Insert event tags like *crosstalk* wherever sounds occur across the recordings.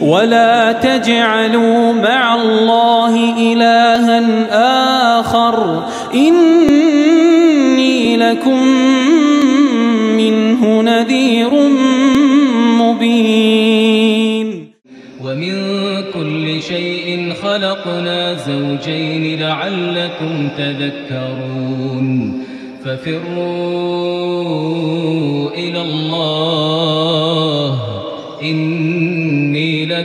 ولا تجعلوا مع الله إلها آخر إني لكم منه نذير مبين ومن كل شيء خلقنا زوجين لعلكم تذكرون ففروا إلى الله إن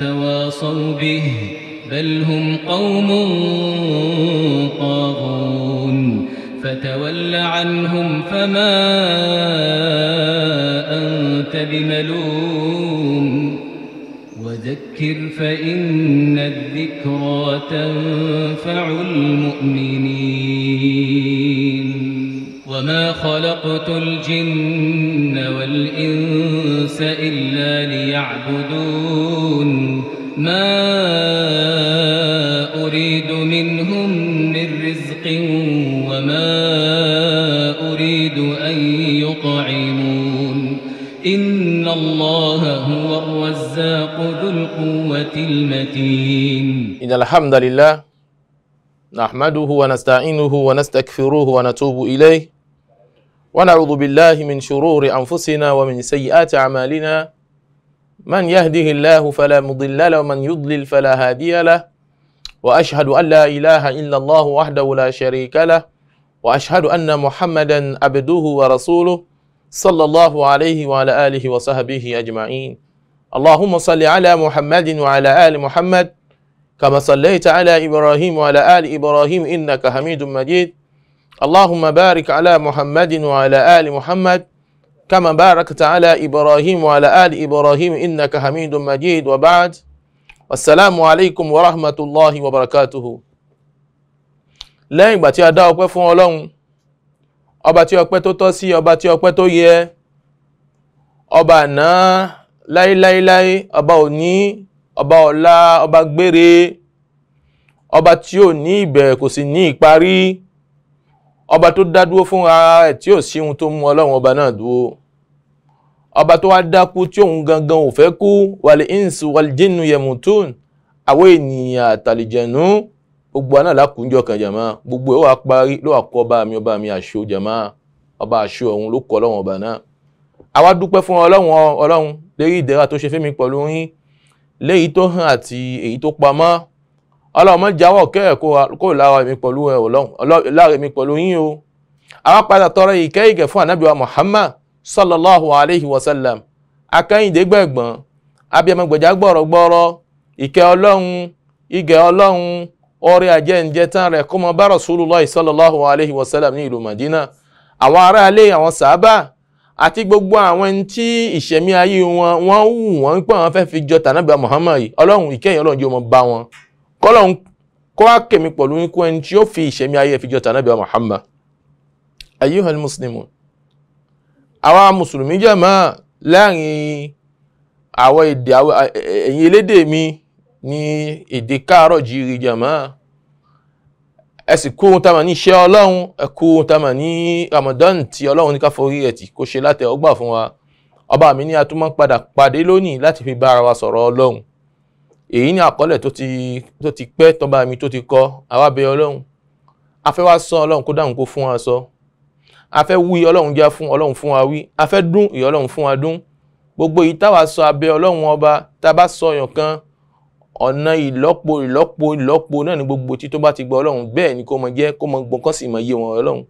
تواصوا به بل هم قوم طاغون فتول عنهم فما أنت بملوم وذكر فإن الذكرى تنفع المؤمنين وما خلقت الجن والإنس إلا ليعبدون ما أريد منهم من رزق وما أريد أن يطعمون إن الله هو الرزاق ذو القوة المتين إن الحمد لله نحمده ونستعينه ونستكفره ونتوب إليه ونعوذ بالله من شرور أنفسنا ومن سيئات أعمالنا من يهده الله فلا مضل له ومن يضلل فلا هادي له واشهد ان لا اله الا الله وحده لا شريك له واشهد ان محمدا عبده ورسوله صلى الله عليه وعلى اله وصحبه اجمعين اللهم صل على محمد وعلى ال محمد كما صليت على ابراهيم وعلى ال ابراهيم انك حميد مجيد اللهم بارك على محمد وعلى ال محمد كما باركت على إبراهيم وعلى آل إبراهيم إنك حميد مجيد وبعد السلام عليكم ورحمة الله وبركاته lẹ́yìn ìgbà tí a dá ọpẹ́ fún ọlọ́run ọba tí ọpẹ́ tó tọ́ sí ọba tí ọpẹ́ tó yẹ ọba àná láíláíláí ọba òní ọba ọ̀la ọba gbére ọba tí ò ní ìbẹ̀rẹ̀ kò sì ní ìparí ọba tó dá dúró fún ara ẹ̀ tí ò sí tó mú ọlọ́run ọba náà dúró ọba tó wá dákú tí òun gangan ò fẹ́ kú wàlẹ̀ ins wàlẹ̀ jinnu yẹmùtún àwọn ènìyàn àtàlìjẹ̀nú gbogbo àná làkúnjọ kan jàmá gbogbo ẹ̀ wà parí ló wà kọ́ bá mi ọba mi àṣọ jàmá ọba àṣọ ọ̀hún ló kọ́ ọlọ́run ọba náà àwa dúpẹ́ fún ọlọ́run ọlọ́run lérí ìdẹ́ra tó ṣe fẹ́mi pẹ̀lú yín léyìí tó hàn àti èyí tó pamọ́ ọlọ́run jáwọ́ kẹ́rẹ̀ lára mi pẹ̀lú yín o àwa padà tọrọ ìkẹ́ ìgẹ̀ fún ànábìwá Muhammad sallallahu alayhi wa sallam akẹ́yìndé gbẹ̀gbọ́n abiyamọ̀gbẹ̀já gbọ̀rọ̀gbọ̀rọ̀ ìkẹ́ ọlọ́run ìgẹ̀ ọlọ́run ọrẹ ajẹ́njẹ́ tán rẹ̀ kó mọ bá rasulullah sallallahu alayhi wa sallam ní ìlú madina àwọn aráalé àwọn sàábà àti gbogbo àwọn ẹni tí ìṣẹ̀mí ayé wọn wọ́n wù wọ́n pé àwọn fẹ́ fi jọ tànàbà muhammad ọlọ́run ìkẹyìn ọlọ́run yóò mọ bá wọn kọ́lọ́run kó wá kèmí ikú ẹni tí ó fi ìṣẹ̀mí ayé fi jọ tànàbà muhammad ayyuhal muslimun àwa mùsùlùmí jẹ̀mọ́ láàrin àwọn èdè ẹ̀yìn elédè mi ní èdè káàárọ̀ jírí jẹ̀mọ́ ẹ sì kó ohun tá a mà ní iṣẹ́ ọlọ́run ẹ kó ohun tá a mà ní Ramadan tí ọlọ́run ní ká forí rẹ̀ tì kó ṣe láti ọgbà fún wa ọba mi ní atúmọ̀ padà pàdé lónìí láti fi bá ara wa sọ̀rọ̀ ọlọ́run èyí ni àkọlẹ̀ tó ti pẹ́ tọ́ba mi tó ti kọ́ àwa bẹ ọlọ́run afẹ́ sọ ọlọ́run kó dáhùn kó fún wa sọ. So a fẹ́ wí ọlọ́run já fún ọlọ́run fún wa wí a fẹ́ dún ìyá ọlọ́run fún wa dún gbogbo yìí táwa sọ abẹ́ ọlọ́run ọba tá a bá sọ ọyàn kan ọ̀nà ìlọ́po ìlọ́po ìlọ́po náà ni gbogbo tí tó bá ti gbọ́ ọlọ́run bẹ́ẹ̀ ni kó mọ jẹ́ kó mọ gbọ́n kán sì mọ iye wọn ọlọ́run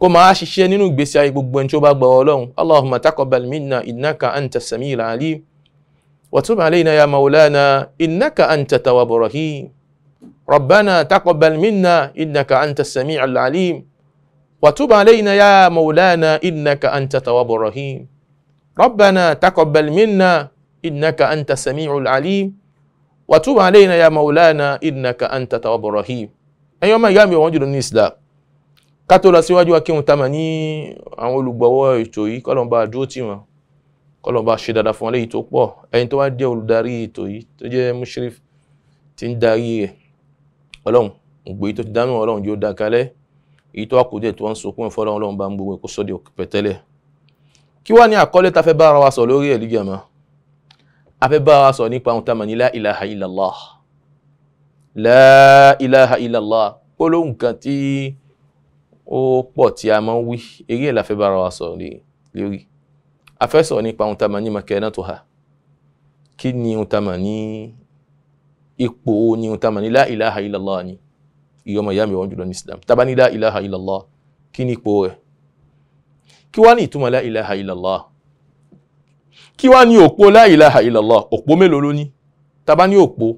kó máa ṣiṣẹ́ nínú ìgbésí ayé gbogbo ẹni tó bá gbọ́ ọlọ́run allahumma taqabbal minna innaka anta sami'ul alim wa tub alayna ya maulana innaka anta tawwabur rabbana taqabbal minna innaka anta sami'ul alim وتب علينا يا مولانا إنك أنت تواب الرحيم ربنا تقبل منا إنك أنت السميع العليم وتب علينا يا مولانا إنك أنت تواب الرحيم ẹ̀yin ọmọ ìyá mi ọ̀wọ́n jùlọ ní Islam ká tó lọ síwájú wa kí wọn tamà ní àwọn olùgbọ̀wọ́ ètò yìí kọ́lọ̀mbà dúró tì wọ́n kọ́lọ̀mbà ṣe dáadáa fún wọn léyìí tó pọ̀ ẹni tó wá jẹ́ olùdarí ètò yìí tó jẹ́ Mushrif tí ń darí rẹ̀ ọlọ́run ògbé tó ti dáná ọlọ́run yóò dá kalẹ̀ èyí tó wá kù díẹ̀ tí wọ́n ń sunkún ẹ̀ fọ́lọ́run lọ́run bá ń gbogbo ẹ̀kọ́ sọ́dẹ̀ pẹ̀tẹ́lẹ̀ kí wá ní àkọlé ta fẹ́ bá ara wa sọ lórí ẹ̀ lígàmá a fẹ́ bá ara sọ nípa ohun tá a mọ̀ ní la ilaha illallah la ilaha illallah gbólóhùn kan tí ó pọ̀ tí a máa ń wí eré ẹ̀ la fẹ́ bá ara wa sọ lórí a fẹ́ sọ nípa ohun tá a mọ̀ ní makanatuha kí ni ohun tá a mọ̀ ní ipò ohun tá a mọ̀ ní la ilaha ni ìyọmọ ìyá mi wọn jùlọ ní islam tá bá ní la ilaha illallah kí ni ipò rẹ̀ kí wá ní ìtumọ̀ la ilaha illallah kí wá ní òpó la ilaha illallah òpó mélòó ló ní tá bá ní òpó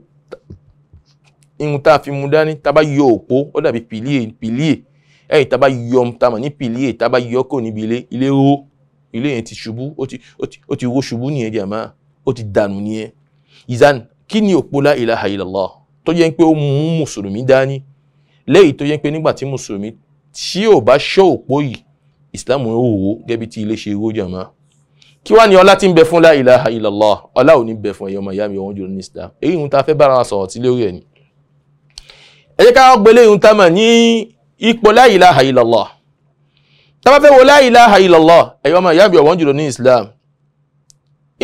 irun tá a fi mu dání tá bá yọ òpó ó dàbí pìlíè pìlíè ẹ̀yìn tá bá yọ tá mọ̀ ní pìlíè tá bá yọ kò níbi ilé ilé ró ilé yẹn ti ṣubú ó ti wó ṣubú nìyẹn jàmá ó ti dànù nìyẹn ìzan kí ni òpó la ilaha tó jẹ́ pé ó mú mùsùlùmí dání lẹ́yìn tó yẹ pé nígbà tí mùsùlùmí tí ò bá ṣọ́ òpó yìí islam ó wò gẹ́bí tí ilé ṣe rójà máa kí wá ní ọlá tí ń bẹ fún la ilaha illallah ọlá ò ní bẹ fún ẹ̀yọ́ mayami ọ̀hún jùlọ ní islam èyí ń ta fẹ́ bára wọn sọ̀rọ̀ tí lórí ẹ̀ ni ẹ jẹ́ ká gbélé ń ta mà ní ipò la ilaha tá bá fẹ́ wo la ilaha illallah mayami ọ̀hún jùlọ ní islam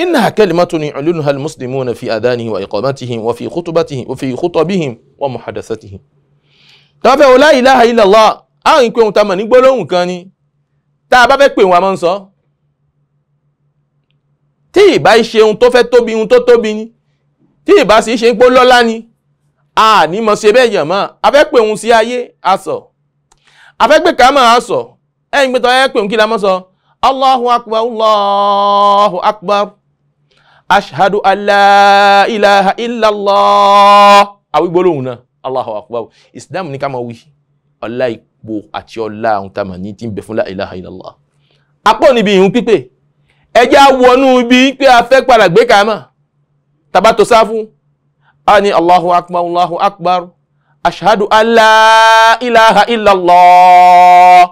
إنها كلمة يعلنها المسلمون في آذانهم وإقامتهم وفي خطبتهم وفي خطبهم ومحادثتهم tọ́fẹ́ o la ilaha illallah àwọn ìpé ohun tamọ̀ ní gbólóhùn kan ni tá a bá fẹ́ pè wọn a máa ń sọ tí ìbá ṣe ohun tó fẹ́ tóbi ohun tó tóbi ni tí ìbá sì ṣe pó lọ́lá ni a ní mọ̀ ṣe bẹ́ẹ̀ mọ́ a pè ohun sí ayé a sọ pè ká mọ̀ sọ ẹ̀yìn pé tọ́yẹ́ pè ohun kí la mọ́ sọ Allahu akbar Allahu akbar ashhadu an la ilaha illallah àwígbólóhùn náà Allahu akbar Islam ní ká máa wí ọlá ipò àti ọlá àwọn tá a máa ní tí ń bẹ fún la ilaha illallah apọ̀ níbi ìhun pípé ẹjẹ́ wọnú ibi pé a fẹ́ padà gbé kàámà tàbá tó sá fún a ní Allahu akbar Allahu akbar ashhadu an la ilaha illallah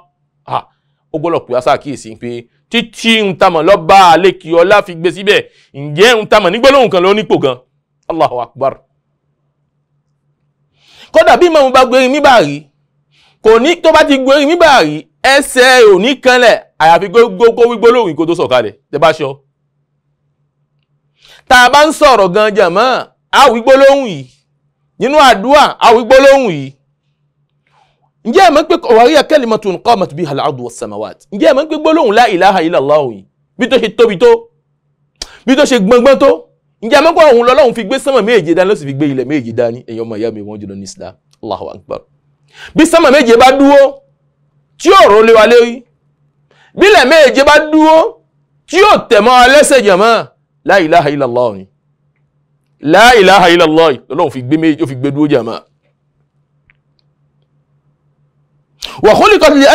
ó gbọ́dọ̀ pé aṣáà kíyèsí pé títí ń tamọ̀ lọ́ba àlékí ọlá fi gbé síbẹ̀ ǹjẹ́ ń tamọ̀ nígbọ́lóhùn kan ló nípò gan Allahu akbar kódà bí mọ̀mú bá gbérí mi bá rí kò ní tó bá ti gbérí mi bá rí ẹsẹ̀ ò ní kanlẹ̀ àyàfi gbogbo wígbó lóhùn ìkó tó sọ̀kalẹ̀ tẹ bá ṣọ. tá a bá ń sọ̀rọ̀ gan jàmọ́ àwígbó lóhùn yìí nínú àdúrà àwígbó lóhùn yìí ǹjẹ́ ẹ̀mọ́ pé wàhíyà kalimatun qamat biha al-ardu was-samawat ǹjẹ́ ẹ̀mọ́ pé gbólóhùn la ilaha illallah yìí bí tó ṣe tóbi tó bí tó ṣe gbọngbọ́n tó ǹjẹ́ mẹ́kọ́ ọ̀hún lọ́lọ́run fi gbé sánmà méje dání ló sì fi gbé ilẹ̀ méje dání ẹ̀yọ́ ọmọ ìyá mi wọ́n jùlọ ní islam allahu akbar bí sánmà méje bá dúró tí ọ̀rọ̀ lé wa lérí bí ilẹ̀ méje bá dúró tí yóò tẹ̀mọ́ alẹ́sẹ̀ jẹ̀mọ́ la ilaha illallah ni la ilaha illallah fi gbé méje ó fi gbé dúró jẹ̀mọ́ wa khuliqat li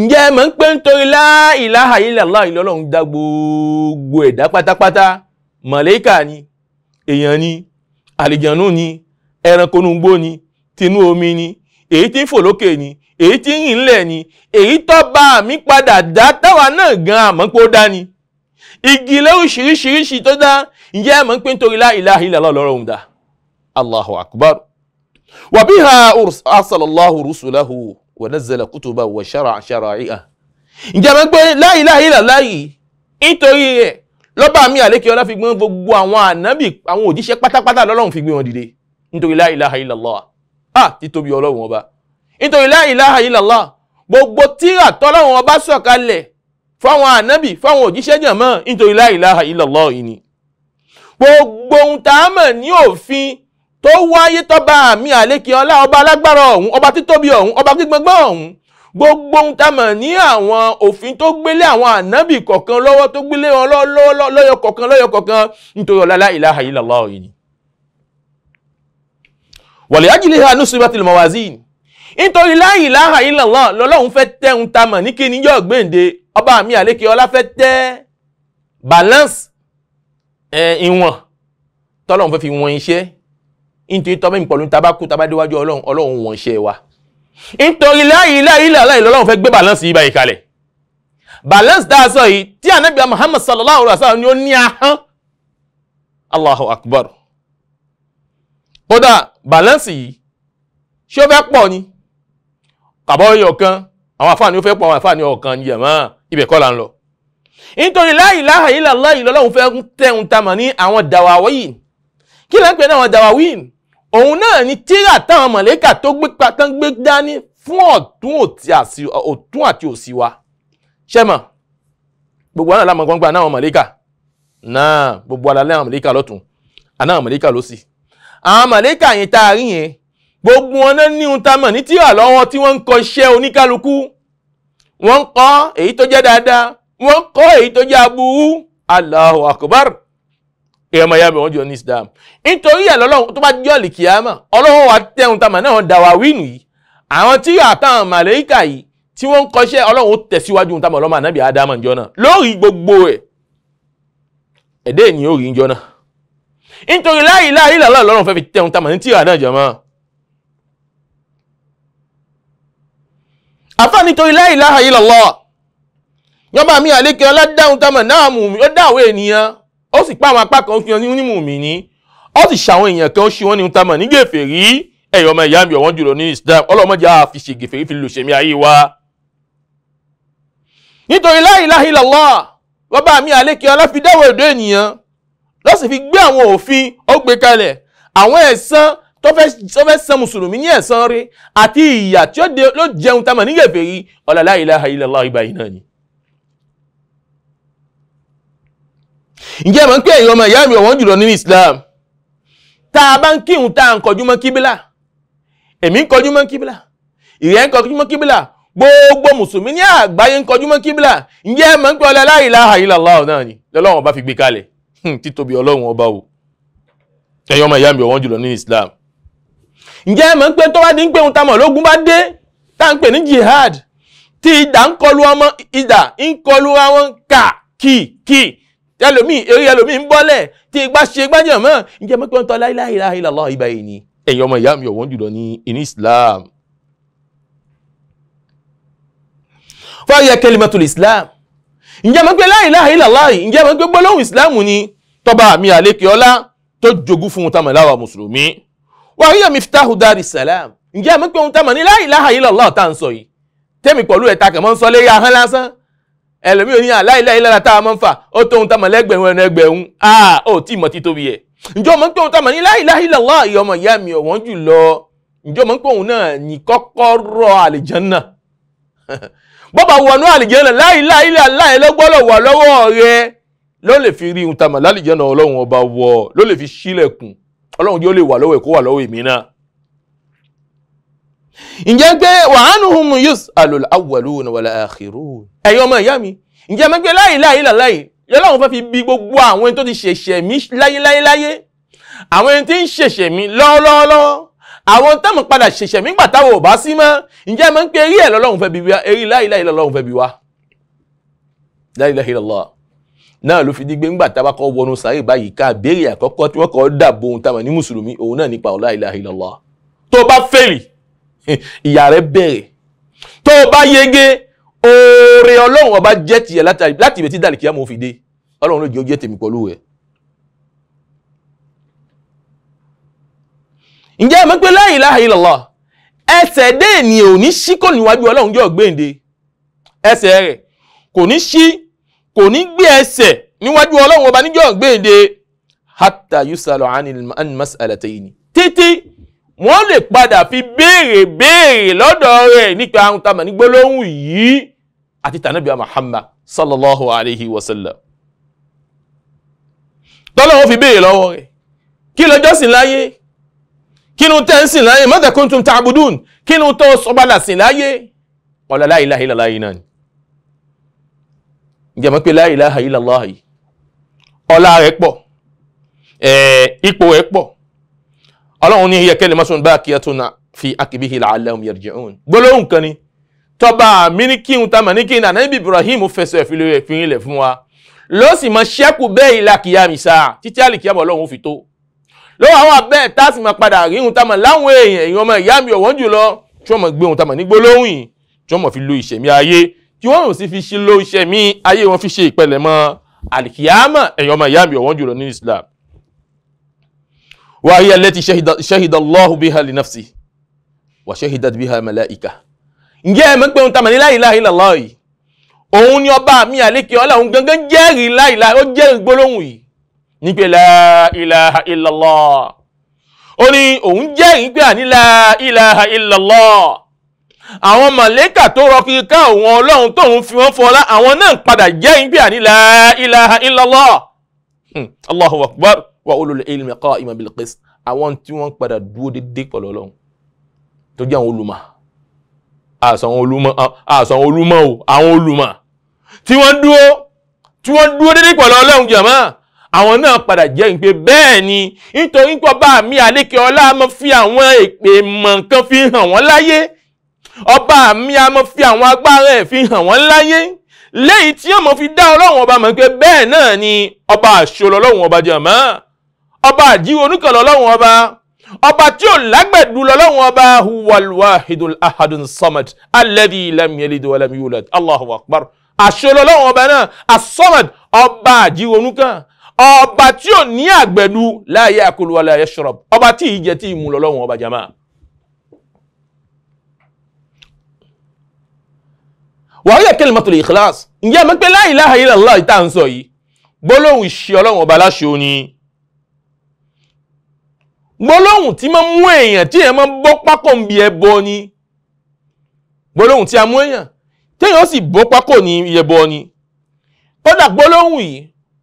ǹjẹ́ ẹ mọ̀ ń pé nítorí la ilaha illallah ìlọ́lọ́run dá gbogbo ẹ̀dá pátápátá màlẹ́kà ni èèyàn ni àlìjànú ni ẹranko nugbó ni tinú omi ni èyí tí ń fò lókè ni èyí tí ń yìn lẹ̀ ni èyí tó bá mi padà dá táwa náà gan àmọ́ dá ni igi lóríṣiríṣiríṣi tó dá ǹjẹ́ ẹ mọ̀ ń pé nítorí la ilaha illallah ìlọ́lọ́run dá Allahu akbar wa biha arsalallahu rusulahu wa nazzala kutuba wa shara'a shara'i'a ìjàmbá pé la ilaha illallah nítorí ẹ̀ lọ́ba mi àlékè ọlá fi gbọ́n gbogbo àwọn ànábì àwọn òjíṣẹ́ pátápátá lọ́lọ́run fi gbé wọn dìde nítorí la ilaha illallah ah títóbi ọlọ́run ọba nítorí la ilaha illallah gbogbo tírà tọ́lọ́run ọba sọ̀kalẹ̀ fáwọn ànábì fáwọn òjíṣẹ́ jàmọ́ nítorí la ilaha illallah yìí ni gbogbo ohun tá a mọ̀ ní òfin tó wáyé tọ́ba mi àlékè ọlá ọba alágbára ọ̀hún ọba títóbi ọ̀hún ọba gbígbọ́ngbọ́n ọ̀hún gbogbo ohun tá mọ̀ ní àwọn òfin tó gbélé àwọn ànábì kọ̀ọ̀kan lọ́wọ́ tó gbélé wọn lọ́yọ̀ kọ̀ọ̀kan lọ́yọ̀ kọ̀ọ̀kan nítorí ọ̀la la ilaha illallah yìí ni. wọ̀lẹ̀ ajílẹ̀ ha ní sùnbà tìlùmọ̀ wá sí i nítorí la ilaha illallah lọ́lọ́run fẹ́ tẹ́ ohun tá mọ̀ ní kíni yóò gbéǹde ọba mi àlékè ọlá fẹ́ tẹ́ balance ìwọ̀n tọ́lọ́run fẹ́ fi wọn iṣẹ́ nítorí tọ́ mẹ́rin pọ̀lú tabakú tabadéwájú ọlọ́run ọlọ́run wọ̀n ṣe wa nítorí láyé láyé láyé lọ́lọ́run fẹ́ gbé balance yìí báyìí kalẹ̀ balance dáa sọ yìí tí ànábì Muhammad sallallahu alaihi wasallam ni ó ní ahán Allahu akbar kódà balance yìí ṣé ó fẹ́ pọ̀ ni kàbọ̀ọ́yìn ọ̀kan àwọn àfáàní ó fẹ́ pọ̀ àwọn àfáàní ọ̀kan ni jẹ̀mọ́ ibẹ̀ kọ́ la ń lọ nítorí láyé láyé láyé lọ́lọ́run fẹ́ tẹ̀hún tamọ̀ ní àwọn dàwà kí ló ń pè ní àwọn dawawin òun náà ni tíra táwọn mọ̀lẹ́kà tó gbé tán gbé dání fún ọ̀tún àti òsì wa ṣẹ́mọ̀ gbogbo àwọn àlámọ̀ gbọ́ngbà náà mọ̀lẹ́kà náà gbogbo alálẹ́ àwọn mọ̀lẹ́kà lọ́tún àná mọ̀lẹ́kà lọ́sì àwọn mọ̀lẹ́kà yẹn tá a rí yẹn gbogbo wọn náà ní ohun tá a mọ̀ ní tíra lọ́wọ́ tí wọ́n ń kọ iṣẹ́ oníkálukú wọ́n ń kọ́ èyí tó jẹ́ dáadáa wọ́n ń kọ́ èyí tó jẹ́ aburú Allahu akbar ìrọmọ ìyá bẹ̀rẹ̀ wọ́n jọ ní islam nítorí ẹ̀ lọ́lọ́run tó bá jọ́ lìkìyàmọ̀ ọlọ́run wa tẹ̀hún tamà náà dàwà wínú yìí àwọn tí yóò àtàwọn màlẹ́ríkà yìí tí wọ́n ń kọ́ṣẹ́ ọlọ́run ó tẹ̀síwájú tamà ọlọ́mọ ànábì ádámà ńjọ náà lórí gbogbo ẹ̀ ẹ̀dẹ́ ènìyàn ò rí ńjọ náà nítorí láyé láyé lọ́lọ́run lọ́run fẹ́ fi tẹ̀hún tamà ní tíra náà jọmọ́ àfa nítorí láyé láyé lọ́lọ́ yọba mi àlékè ọlá dáhùn tamà náà ó sì pa àwọn apá kan fi hàn ní mùmíní ó sì ṣàwọn èèyàn kan ó ṣe wọ́n ní tamọ̀ ní gèfèrí ẹ̀yọ́ ọmọ ìyá mi ọ̀wọ́n jùlọ ní Islam ọlọ́mọdé a fi ṣe gèfèrí fi lòṣèmí ayé wa. nítorí la ilaha illallah bàbá mi àlékè ọlá fi dáwọ́ èdè ènìyàn ló sì fi gbé àwọn òfin ó gbé kalẹ̀ àwọn ẹ̀san tó fẹ́ san mùsùlùmí ní ẹ̀san rẹ̀ àti ìyà tí ó jẹun tamọ̀ ní gèfèrí ọlọ́lá la ilaha illallah ìbáyìí náà ni. ǹjẹ́ mọ̀ ń pé ẹ̀yin ọmọ ìyá mi ọ̀wọ́n jùlọ nínú Islam tá a bá ń kírun tá a ń kọjú mọ́ kíbílà èmi ń kọjú mọ́ kíbílà ìrẹ́ ń kọjú mọ́ kíbílà gbogbo mùsùlùmí ní àgbáyé ń kọjú mọ́ kíbílà ǹjẹ́ mọ̀ ń pé ọlẹ́ la ilaha illallah náà ni lọ́lọ́run ọba fi gbé kalẹ̀ títóbi ọlọ́run ọba o ẹ̀yin ọmọ ìyá mi ọ̀wọ́n jùlọ nínú Islam ǹjẹ́ mọ̀ ń pé tó bá dín pé òun tamọ̀ lógún bá dé tá à ń pè ní jihad tí ìdà ń kọlu ọmọ ìdà ń kọlu àwọn kà kì kì yálòmíì eré yálòmíì ń bọ́lẹ̀ tí igbá ṣe gbájẹ̀ mọ́ ǹjẹ́ mọ́ pé ń tọ́ la ilaha illallah ìbá yìí ni ẹ̀yin ọmọ ìyá mi ọ̀wọ́n jùlọ ní inú Islam. fọ́ọ̀yà kẹlímọ́tòlì Islam ǹjẹ́ mọ́ pé la ilaha illallah ǹjẹ́ mọ́ pé gbólóhùn Islam ni tọ́ba àmì àlékè ọlá tó jogún fún un tamọ̀ láwa mùsùlùmí wa hiya miftahu dari salam ǹjẹ́ mọ́ pé ohun tamọ̀ ní la ilaha ẹlòmíì oníyàn aláìláì lára tá a máa ń fà ó tóun tá a mọ̀ lẹ́gbẹ̀rún ẹnu ẹgbẹ̀rún ah ó tí ì mọ̀ títóbi yẹ. ǹjọ́ mọ̀ ń tóun tá a mọ̀ ní láìláì lọ́lá ìyá ọmọ ìyá mi ọ̀wọ́n jù lọ ǹjọ́ mọ̀ ń tóun náà ní kọ́kọ́rọ́ àlìjánná. *laughs* bọ́bà wọnú àlìjánná láìláì láì lọ́gbọ́lọ̀ wà lọ́wọ́ rẹ ló lè fi rí ohun tá a mọ̀ lálìjánná ọlọ́run ọba wọ ló lè fi sílẹ̀kùn ọlọ́run yóò lè wà lọ́wọ́ ẹ̀ kó wà lọ́wọ́ èmi náà ǹjẹ́ pé wàhánuhum yus'alul awwaluna wal akhirun ẹ̀yin ọmọ ìyá mi ǹjẹ́ mọ̀ pé láyé láyé láyé yọlọ́run fẹ́ fi bí gbogbo àwọn ẹni tó ti ṣẹ̀ṣẹ̀ mí láyé láyé láyé àwọn ẹni tí ń ṣẹ̀ṣẹ̀ mí lọ́wọ́lọ́wọ́ àwọn táwọn padà ṣẹ̀ṣẹ̀ mí gbà táwọn ò bá sí mọ́ ǹjẹ́ mọ̀ pé eré ẹ̀ lọ́lọ́run fẹ́ bí wa eré láyé láyé lọ́lọ́run fẹ́ bí wa láyé láyé lọ́lọ́ náà ló fi di gbẹ́ngbà tá a bá kọ́ wọnú sáré báyìí ká béèrè àkọ́kọ́ tí wọ́n kọ́ dàbò ohun táwọn ní mùsùlùmí òun náà nípa ọ̀la ilaha illallah tó bá fẹ́ẹ̀lì *laughs* ìyà rẹ bẹ̀rẹ̀ tó o bá yege oore ọlọ́run ọba jẹ́ tiẹ̀ láti ibẹ̀ tí dàlìkì àmọ́ fi dé ọlọ́run ló jẹ́ ó jẹ́ tèmi pẹ̀lú rẹ̀. ǹjẹ́ ẹ̀ mọ̀ pé la ilaha illallah ẹsẹ̀ dé ènìyàn ò ní ṣí kò níwájú ọlọ́run jọ gbéǹde ẹsẹ̀ rẹ̀ kò ní ṣí kò ní gbé ẹsẹ̀ níwájú ọlọ́run ọba níjọ́ gbéǹde hatta yusalu anil mas'alataini títí wọ́n lè padà fi béèrè béèrè lọ́dọ̀ rẹ̀ nípa ahun tá a mọ̀ ní gbólóhùn yìí àti tànàbíà Muhammad sallallahu alayhi wa sallam tọ́lọ́wọ́ fi béèrè lọ́wọ́ rẹ̀ kí lọ́jọ́ sìn láyé kí nu tẹ́ ń sìn láyé mọ́tẹ́ kuntum ta'budun kí nu tó sọ́bàdà sìn láyé ọ̀là la ilaha náà ni ǹjẹ́ mọ̀ pé la ilaha ọ̀la rẹ̀ pọ̀ ipò rẹ̀ pọ̀ ọlọ́run ní hiya kalimatun baqiyatun fi akibihi la'allahum yarji'un gbólóhùn kan ni tọba míníkìhun tá màníkìhun ànábì Ibrahim fẹsẹ̀ ìfìyìn ilẹ̀ fún wa ló sì mọ ṣẹ́kù bẹ́ẹ̀ ilà kìyàmìsà títí àlìkíyàmọ̀ ọlọ́run fi tó lọ́wọ́ àwọn abẹ́ tá a sì máa padà rí ohun tá a mọ̀ láwọn èèyàn èèyàn ọmọ ìyá mi ọ̀wọ́n jùlọ tí wọ́n mọ̀ gbé ohun tá a mọ̀ ní gbólóhùn wa hiya allati shahida Allahu biha li nafsihi wa shahidat biha malaika ǹjẹ́ ẹ̀mí pé ohun tamẹ̀ ní la ilaha illallah yìí òun ni ọba mi àlékè ọlá òun gangan jẹ́rìí la ilaha ó jẹ́rìí gbólóhùn yìí ní pé la ilaha illallah ó ní òun jẹ́rìí pé àní la ilaha illallah àwọn màlẹ́kà tó rọkì ká òun ọlọ́run tóun fi wọ́n fọlá àwọn náà padà jẹ́rìí pé àní la ilaha illallah hmm, Allahu akbar wa ulul ilmi qa'iman bil qist àwọn tí wọ́n padà dúró dédé pẹ̀lú ọlọ́run tó jẹ́ àwọn olùmọ̀ àsàn olùmọ̀ o àwọn olùmọ̀ tí wọ́n dúró tí wọ́n dúró dédé pẹ̀lú ọlọ́run jàmá àwọn náà padà jẹ́ ìpè bẹ́ẹ̀ ni nítorí pé mi àlékè ọlá máa fi àwọn èpè mọ̀ nǹkan fi hàn wọ́n láyé ọba mi a máa fi àwọn agbára ẹ̀ fi hàn wọ́n láyé lẹ́yìn tí ọmọ fi dá ọlọ́run ọba mọ̀ pé bẹ́ẹ̀ náà ni ọba àṣọ lọ́lọ́run ọba jàmá ọba àjí oníkànnì ọlọ́run ọba ọba tí ò lágbẹ̀dù lọ́lọ́run ọba huwalwahidul ahadun samad alladhi lam yalid wa lam yulad allahu akbar àṣọlọ́lọ́run ọba náà asamad ọba àjí oníkàn ọba tí ò ní àgbẹ̀dù la yakul wa la yashrab ọba tí ì jẹ tí ì mu lọ́lọ́run ọba jama. wàhálà kalimatul ikhlas ǹjẹ́ mi pé la ilaha illallah ìta ń sọ yìí gbólóhùn gbólóhùn tí máa mú èèyàn tí èèyàn máa bọ́ pákó ń bi ẹbọ ni gbólóhùn tí a mú èèyàn téèyàn sì bọ́ pákó ní ẹbọ ni kódà gbólóhùn yìí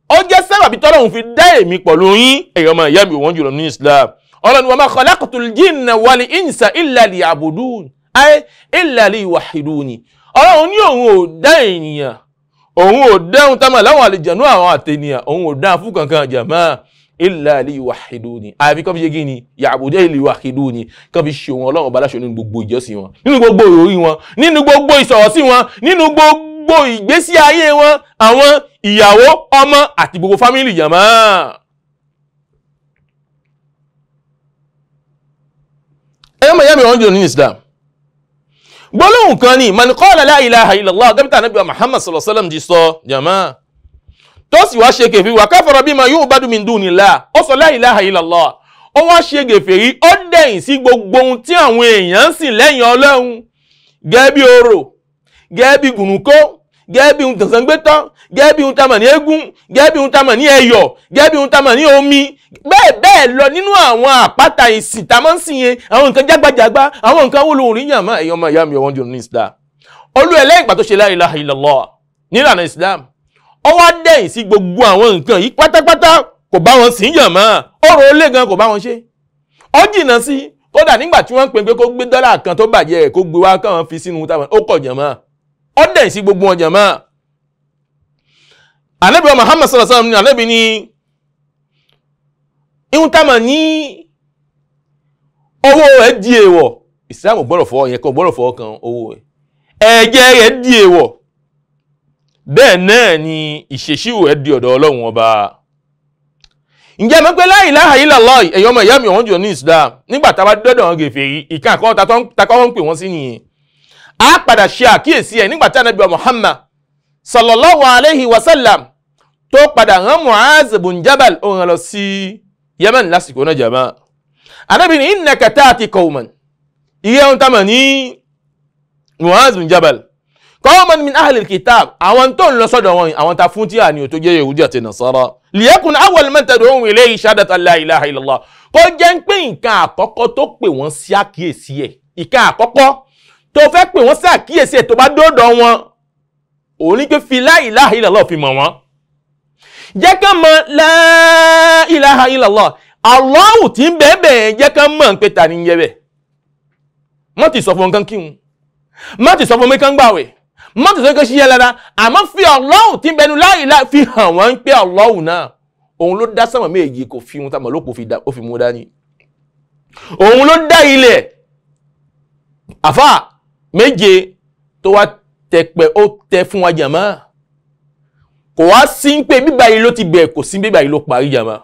ó jẹ́ sábàbí tọ́lọ́hùn fi dá èmi pẹ̀lú yín èèyàn máa yá mi wọ́n jùlọ ní Islam ọlọ́ni wa ma khalaqtul jinna wal insa illa liya'budun ayé illa liyuwahhiduni ọlọ́run ní òun ò dá ènìyàn òun ò dá ohun tá máa láwọn àlejànú àwọn àtẹnìyàn òun ò dá fún kankan illa liyuwahhiduni àfi kọ́ fi ṣe kí ni ya'buduni liyuwahhiduni kọ́ fi ṣe wọn ọlọ́run bá láṣọ nínú gbogbo ìjọsìn wọn nínú gbogbo ìròrí wọn nínú gbogbo ìsọ̀rọ̀sí wọn nínú gbogbo ìgbésí ayé wọn àwọn ìyàwó ọmọ àti gbogbo fámìlì jàmá. ẹ̀yọ́ mọ̀ yẹ́mi ọ̀hún jùlọ nínú Islam gbólóhùn kan ni man qala la ilaha illallah tó sì wá ṣe kèfèrí wà káfọ̀rọ̀ bímọ yóò bá dùn mí dùn nílá ó sọ la ilaha illallah ó wá ṣe kèfèrí ó dẹ̀yìn sí gbogbo ohun tí àwọn èèyàn ń sìn lẹ́yìn ọlọ́run gẹ́gẹ́ bí orò gẹ́gẹ́ bí ohun tẹ̀sán gbé tán ohun tamọ̀ ní eégún gẹ́gẹ́ ohun tamọ̀ ní ẹyọ̀ gẹ́gẹ́ ohun tamọ̀ ní omi bẹ́ẹ̀ bẹ́ẹ̀ lọ nínú àwọn àpáta ìsìn tá a máa ń sìn yẹn àwọn nǹkan jágbajàgba àwọn nǹkan wo lóhùn ríyàn máa ẹ̀yọ́ máa yá mi ọ̀wọ́n jù ní Islam olú ẹlẹ́yìn pàtó ṣe la ilaha illallah nílànà Islam ó wá dẹ̀yìn sí gbogbo àwọn nǹkan yìí pátápátá kò bá wọn sìn yàn mọ́ ọ̀rọ̀ olè gan kò bá wọn ṣe ó jìnnà sí kódà nígbà tí wọ́n ń pè pé kó gbé dọ́là kan tó bàjẹ́ ẹ̀ kó gbé wá káwọn fi sínú táwọn ó kọ̀ jàn mọ́ ó dẹ̀yìn sí gbogbo wọn jàn mọ́. ànábì wa Muhammad sallallahu alaihi wasallam ni ànábì ni ihun táwọn ní owó ẹ̀ di èèwọ̀ ìsìlámù gbọ́dọ̀ fọwọ́ yẹn kan gbọ́dọ̀ fọwọ́ kan owó ẹ̀ ẹ̀jẹ̀ rẹ̀ di èèwọ̀ bẹ́ẹ̀ náà ni ìṣèṣirò ẹ̀ di ọ̀dọ̀ ọlọ́run ọba ǹjẹ́ mọ̀ pé la ilaha illallah ẹ̀yọ́ ọmọ ìyá mi ọ̀hún jù ní Islam nígbà tá a bá dọ́dọ̀ wọn gèfèrí ìka àkọ́ takọ́ wọn pè wọ́n sí nìyẹn a padà ṣe àkíyèsí ẹ̀ nígbà tá Muhammad sallallahu alayhi wa sallam tó padà hàn Mu'az bun Jabal òun lọ sí Yemen lásìkò náà jàmá anabi ní innaka ta'ti qawman ìyẹ́ ohun tá a mọ̀ ní Mu'az bun Jabal qawman min ahlil kitab àwọn tó ń lọ sọ́dọ̀ wọn àwọn ta fún tíyà ni ò tó jẹ́ yehudi àti nasara liyakun awwal man tad'uhum ilayhi shahadatu an la ilaha illallah kó jẹ́ pé nǹkan àkọ́kọ́ tó pè wọ́n sí àkíyèsí ẹ̀ nǹkan àkọ́kọ́ tó fẹ́ pè wọ́n sí àkíyèsí ẹ̀ tó bá dọ́dọ̀ wọn òun ní pé fi la ilaha fi mọ̀ wọ́n jẹ́ ká mọ̀ la ilaha illallah tí ń bẹ́ẹ̀ jẹ́ ká mọ̀ pé ta ni yẹ bẹ́ẹ̀ mọ́ sọ fún wọn kán sọ fún mi má tẹ̀sọ́ kó ṣiṣẹ́ lára àmọ́ fi ọlọ́run tí ń bẹnu láì láì fi hàn wọ́n ń pé ọlọ́run náà òun ló dá sánmọ̀ méjì kò fi ohun táwọn olóko ó fi mú dání òun ló dá ilẹ̀ àfà méje tó wá tẹpẹ ó tẹ fún wa jàmá kò wá sí pé bíbá yìí ló ti bẹ̀ kò sí bíbá yìí ló parí jàmá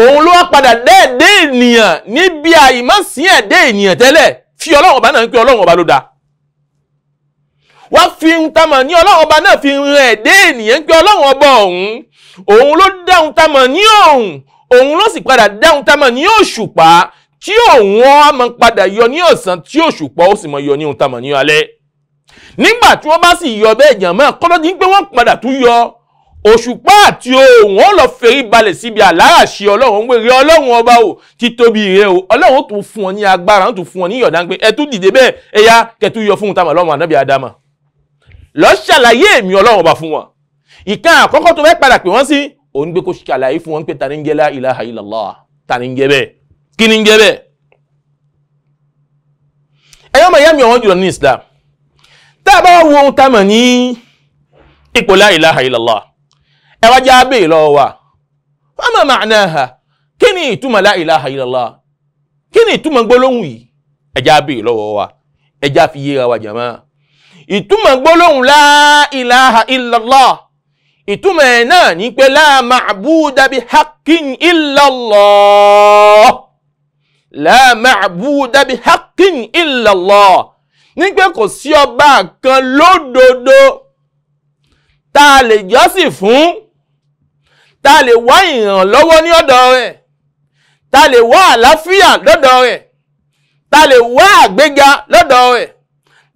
òun ló wá padà dẹ́ẹ̀dẹ́ ènìyàn níbi àìmọ́sí ẹ̀dẹ́ ènìyàn tẹ́lẹ̀ fi ọlọ́run ọba náà ń pé ọlọ́run ọba ló dáa wọ́n fi ń tamọ̀ ní ọlọ́run ọba náà fi ń rẹ̀ dé ènìyàn pé ọlọ́run ọba ọ̀hún òun ló dáhùn tamọ̀ ní ọ̀hún òun ló sì padà dáhùn tamọ̀ ní òṣùpá tí òun á máa padà yọ ní ọ̀sán tí òṣùpá ó sì máa yọ ní ohun tamọ̀ ní alẹ́ nígbà tí wọ́n bá sì yọ bẹ́ẹ̀ jàn mọ́ kọ́dọ̀ dín pé wọ́n padà tún yọ òṣùpá àti òun ó lọ fèrí balẹ̀ síbi àláràṣe ọlọ́run wèrè ọlọ́run ọba o títóbi rẹ o ọlọ́run ó tún fún ọ ní agbára ó tún fún ọ ní ìyọ̀dá pé ẹ tún dìde bẹ́ẹ̀ ẹ̀yà kẹtù yọ fún un tamọ̀ lọ́run ànábì àdámà lọ ṣàlàyé èmi ọlọ́run ọba fún wọn ìkan àkọ́kọ́ tó fẹ́ padà pè wọ́n sí òun gbé kó ṣàlàyé fún wọn pé ta ni ń jẹ́ la ilaha illallah ta ni ń jẹ́ bẹ́ẹ̀ kí ni ń jẹ́ bẹ́ẹ̀ ẹ̀yọ́ mọ̀ ìyá mi ọ̀wọ́n jùlọ ní Islam tá a bá wo ohun tá a mọ̀ ní ipò la ilaha illallah ẹ wá jẹ́ abẹ́ lọ́wọ́ wa wọ́n mọ̀ ma'naha kí ni ìtumọ̀ la ilaha illallah kí ni ìtumọ̀ gbólóhùn yìí ẹ jẹ́ abẹ́ lọ́wọ́ wa ẹ jẹ́ àfiyé wa jàmáà ìtumọ̀ gbólóhùn la ilaha illallah ìtumọ̀ ẹ̀ náà ní pé la ma'buda bi haqqin illallah la ma'buda bi haqqin illallah ní pé kò sí ọba kan lódodo tá a lè jọ́sìn fún tá lè wá ìrànlọ́wọ́ ní ọ̀dọ̀ rẹ̀ tá lè wá àlàáfíà lọ́dọ̀ rẹ̀ tá lè wá àgbéga lọ́dọ̀ rẹ̀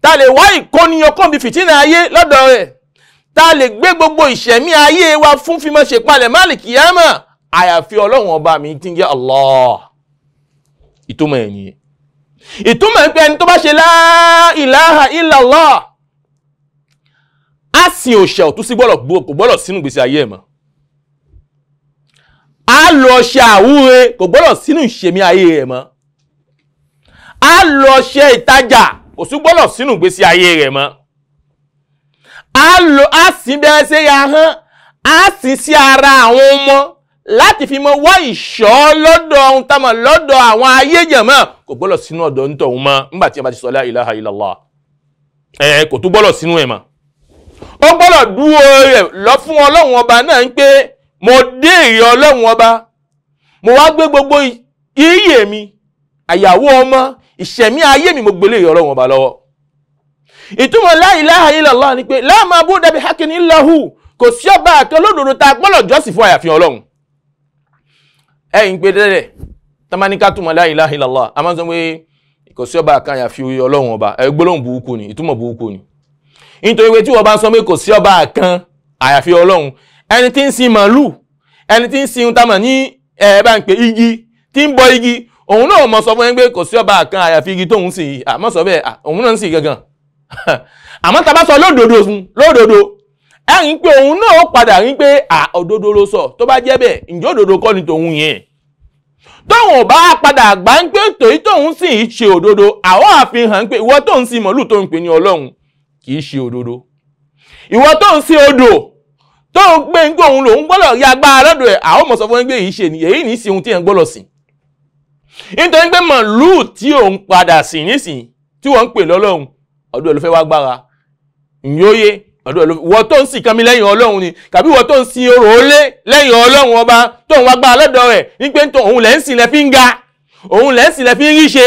ta lè wá ìkóniyàn kóńbi fìtínà ayé lọ́dọ̀ rẹ̀ ta lè gbé gbogbo ìṣẹ̀mí ayé wa fún fímọ̀ ṣe palẹ̀ má lè kìyàmà àyàfi ọlọ́run ọba mi ti ń jẹ́ Allah ìtumọ̀ ẹ̀ nìyẹn ìtumọ̀ ẹ̀ ẹni tó bá ṣe la ilaha illallah á sin òṣà ọ̀tún sí gbọ́dọ̀ kò gbọ́dọ̀ sínú gbèsè ayé ẹ̀ mọ́ á lọ ṣe àwúre kò gbọ́dọ̀ sínú ìṣẹ̀mí ayé ẹ̀ mọ́ á lọ ṣe ìtajà kò sí gbọ́dọ̀ sínú ìgbésí ayé rẹ̀ mọ́ a lò a sì bẹ̀rẹ̀ sí ya hán a sì sí ara àwọn ọmọ láti fi mọ wá ìṣọ́ lọ́dọ̀ ohun tá mọ̀ lọ́dọ̀ àwọn ayé jẹ̀mọ́ kò gbọ́dọ̀ sínú ọ̀dọ̀ ń tọ̀hún mọ́ nígbà tí a bá ti sọ la ilaha illallah kò tún gbọ́dọ̀ sínú ẹ̀ mọ́ ó gbọ́dọ̀ dúró rẹ̀ lọ fún ọlọ́run ọba náà ń pé mo dé ìrẹ́ ọlọ́run ọba mo wá gbé gbogbo iyè mi àyàwó ọmọ ìṣẹ̀mí ayé mi mo gbélé ìyọ̀rọ̀ wọn bá lọ́wọ́ ìtumọ̀ la ilaha illallah ni pé la mabuda bihaqqin illahu kò sí ọba àkan lódodo tá a jọ́sìn fún àyàfi ọlọ́run ẹ̀yìn pé dẹ́dẹ̀ tamanika túmọ̀ la ilaha illallah a máa ń sọ pé kò sí ọba àkan àyàfi ọlọ́run ọba ẹ̀ gbólóhùn burúkú ni ìtumọ̀ burúkú ni nítorí pé tí wọ́n bá ń sọ pé kò sí ọba àkan àyàfi ọlọ́run ẹni tí ń sin màálù ẹni tí ń sin tamọ̀ ní ń pè igi tí ń bọ igi òun náà mọ̀ sọ fún yín pé kò sí ọba kan àyàfi igi tóun sì àmọ́ sọ bẹ́ẹ̀ òun náà sì gangan *laughs* àmọ́ tá a bá sọ lódodo fún lódodo ẹ ń pé òun náà ó padà rí pé à òdodo ló sọ tó bá jẹ́ bẹ́ẹ̀ ǹjẹ́ òdodo kọ́ ni tòun yẹn tóun ò bá padà gbà ń pé tòyí tóun sì ń ṣe òdodo àwọn àfihàn pé ìwọ tóun sì mọ̀lú tóun pè ní ọlọ́run kì í ṣe òdodo ìwọ tóun sí odò tóun gbé ń gbé òun lòun gbọ́dọ̀ rí agbára lọ́dọ̀ ẹ̀ àwọn mọ̀ sọ fún yín pé ṣe èyí ní í ṣe ohun tí yẹn gbọ́dọ̀ sìn nítorí pé màlúù tí òun padà sí nísìnyí tí wọ́n ń pè lọ́lọ́run ọdún ẹ̀ ló fẹ́ wá gbára ìyóye ọdún ẹ̀ ló wọ́n tó ń sìn kan mi lẹ́yìn ọlọ́run ni kàbí wọ́n tó ń sin orò olé lẹ́yìn ọlọ́run ọba tó ń wá gbára lọ́dọ̀ rẹ̀ wípé tó òun lẹ́ ń sìn lẹ́ fi ń ga òun lẹ́ ń sìn lẹ́ fi ń rí ṣe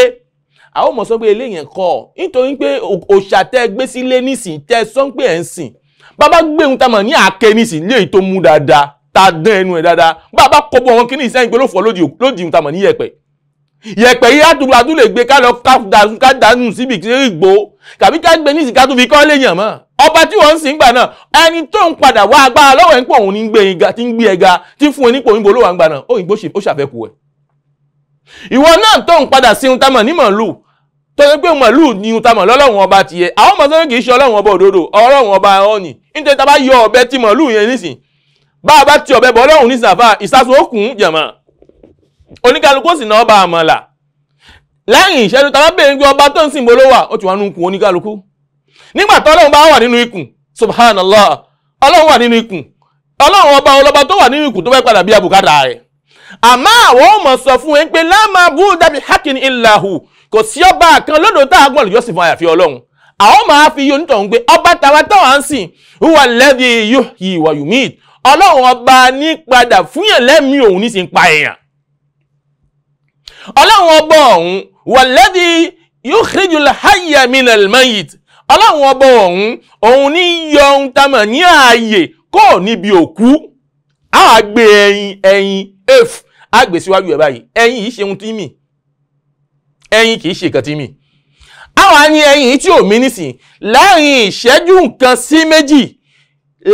àwọn ọmọ sọ pé eléyẹn kọ nítorí pé òòṣà tẹ́ gbé sílé nísìn tẹ́ sọ pé ẹ̀ ń sìn bàbá gbéhun tamọ̀ ní àkè nísìn léyìí tó mú dáadáa tá a dán ẹnu ẹ̀ dáadáa bàbá kọ́ bọ́ wọn kí ní ìsẹ́yìn pé ló fọ́ lódì ìhun tamọ̀ níyẹ̀pẹ̀ yẹ̀pẹ̀ yìí àtúgbàtú lè gbé ká lọ ká dànù síbi ìgbò tàbí ká gbé nísìsiyìí ká tún fi kọ́ léèyàn mọ́ ọba tí wọ́n ń sìn gbà náà ẹni tó ń padà wá agbára lọ́wọ́ ẹ̀ ń pò òun ní gbé ẹ̀ga tí ń gbé ẹ̀ga tí ń fún ẹni pò òyìnbó ló wà ń gbà náà ó òyìnbó ó ṣàfẹ́kù ẹ̀. ìwọ náà tó ń padà sí ohun tá mọ̀ ní màálù tó ṣe pé màálù ni ohun tá mọ̀ lọ́lọ́run ọba tiẹ̀ àwọn ọmọ sọ́yìn kì í ṣe ọlọ́run ọba òdodo ọlọ́run ọba ọ̀nì nítorí tá bá yọ ọ̀bẹ tí màálù yẹn nísìn bá a bá ti ọ̀bẹ bọ́ ọlọ́run nísìn àfà ìsásùn ó kùn jàmọ́ o sì náà bá àmàlà lẹ́yìn ìṣẹ́jú ọba tó ń ló ó ti wà nínú ikùn oníkálukú nígbà ọlọ́run bá wà nínú ikùn subhanallah ọlọ́run wà nínú ikùn ọlọ́run ọba ọlọ́ba tó wà nínú ikùn tó fẹ́ padà bí abùkátà rẹ̀ àmọ́ àwọn ọmọ sọ fún pé dàbí hakin kò sí ọba kan lọ́dọ̀ tá a fún àyàfi ọlọ́run ọlọ́run ọba ọ̀hún wọ̀lẹ́dí yóò xíjú láhàyè minal mayit ọlọ́run ọba ọ̀hún òun ní yọ ohun tamọ̀ ní ààyè kò níbi òkú àgbè ẹyin ẹyin ef àgbè síwájú ẹ báyìí ẹyin yìí ṣe ohun tí mì ẹyin kì í ṣe nǹkan tí mì àwọn á ní tí ò mí nísìn láàrin ìṣẹ́jú nǹkan sí méjì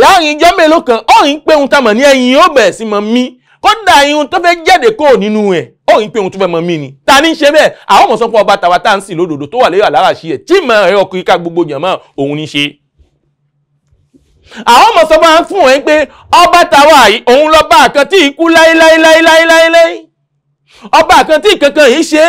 láàrin ijọ́ mélòó kan ọ̀hún pé ohun tamọ̀ ní ẹyin ó bẹ̀rẹ̀ sí mọ́ mí kódà ihun tó fẹ́ jáde kó nínú ẹ̀ ó ń pe ohun tó fẹ́ mọ mí ni ta ní ṣe bẹ́ẹ̀ àwọn ọmọ sọ pé ọba tàwa tá à ń sìn lódòdó tó wà lẹ́yìn àláràṣí ẹ̀ tí mọ ẹ̀rọ kiri ká gbogbo yàn mọ́ òun ní ṣe. àwọn ọmọ sọ pé à ń fún wọn pé ọba tàwa òun lọ bá àkàn tí ikú láéláéláéláéláé ọba kan tí kankan yìí ṣe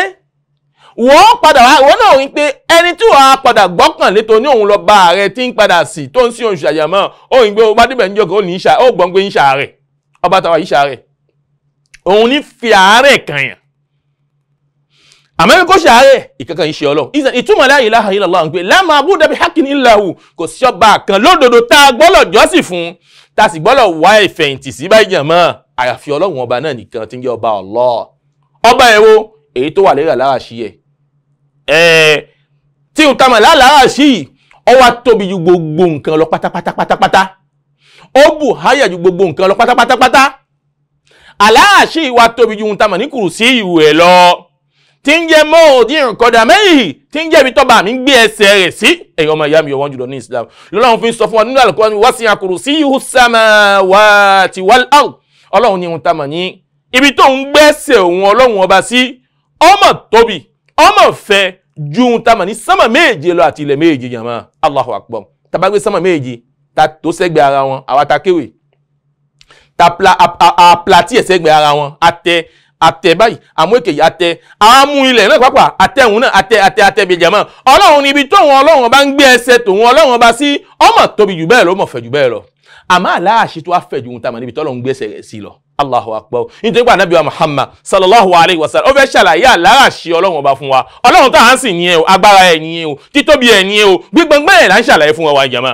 wọ́n padà wá wọ́n náà rí pé ẹni tí wàá padà gbọ́kànlé tó ní òun lọ bá ààrẹ tí ń padà sí tó ń sí oṣù àyàmọ́ ó rí pé ó bá débẹ̀ níjọ́ kan ó gbọ́n pé ìṣà rẹ̀ ọba tàwa ìṣà rẹ̀ òun ní fi àárẹ̀ kan yàn àmọ́ kó ṣàárẹ̀ ìkankan yìí ṣe ọlọ́run ìtumọ̀ la ilaha illallah ń pè la mabuda bihaqqin illa hu kò sí ọba kan lódodo tá a gbọ́lọ̀ jọ́sìn fún tá a sì gbọ́lọ̀ wá ìfẹ̀yìntì sí báyìí jàmọ́ àyàfi ọlọ́run ọba náà nìkan tí ń jẹ́ ọba Allah ọba ẹ̀ wo èyí tó wà lérà lára sí ẹ̀ ẹ̀ tí n tamọ̀ lára sí yìí ó wá tóbi ju gbogbo nǹkan lọ pátápátápátá ó bù háyà ju gbogbo nǹkan lọ pátápátápátá aláàṣì wa tóbi ju ntàmọ̀ ní kùrùsí ìwẹ̀ lọ tí ń jẹ́ mọ́ọ̀dí ìrìnkọ́dà mẹ́yì tí ń jẹ́ ibi tọ́ba mi ń gbé ẹsẹ̀ rẹ̀ sí ẹ̀yin ọmọ ìyá mi ọ̀wọ́n jùlọ ní Islam lọ́lọ́run fi ń sọ fún wa nínú àlùkò wa sí akùrùsí ihu samawati wal ard ọlọ́run ní ohun tamọ̀ ní ibi tó ń gbẹ́sẹ̀ òun ọlọ́run ọba sí ọmọ tóbi ọmọ fẹ́ ju ohun tamọ̀ ní sánmà méje lọ àti ilẹ̀ méje yàmá Allahu akbar tabagbé sánmà méje ta tó sẹ́gbẹ̀ẹ́ ara wọn àwa ta kéwèé àpàtì ẹ̀sẹ̀ gbẹ ara wọn àtẹ àtẹ báyìí àmú èkè yìí àtẹ àmú ilẹ̀ náà pàápàá àtẹ̀hún náà àtẹ àtẹ àtẹ bèjì àmọ́ ọlọ́run níbi tóun ọlọ́run bá ń gbé ẹsẹ̀ tòun ọlọ́run bá sí ọmọ tóbi jù bẹ́ẹ̀ lọ ọmọ fẹ̀ jù bẹ́ẹ̀ lọ àmọ́ aláàṣì tó àfẹ̀jù ohun táwọn níbi tọ́lọ́run gbé ẹsẹ̀ rẹ̀ sí lọ allahu akbar nítorí pé anabi wa muhammad sallallahu alayhi wa sallam ó fẹ́ ṣàlàyé àlàáṣì ọlọ́run ọba fún wa ọlọ́run tó à ń sìn ní ẹ o agbára ẹ ní ẹ o títóbi ẹ ní ẹ o gbígbọ́ngbọ́n ẹ̀ là ń ṣàlàyé fún wa wa jama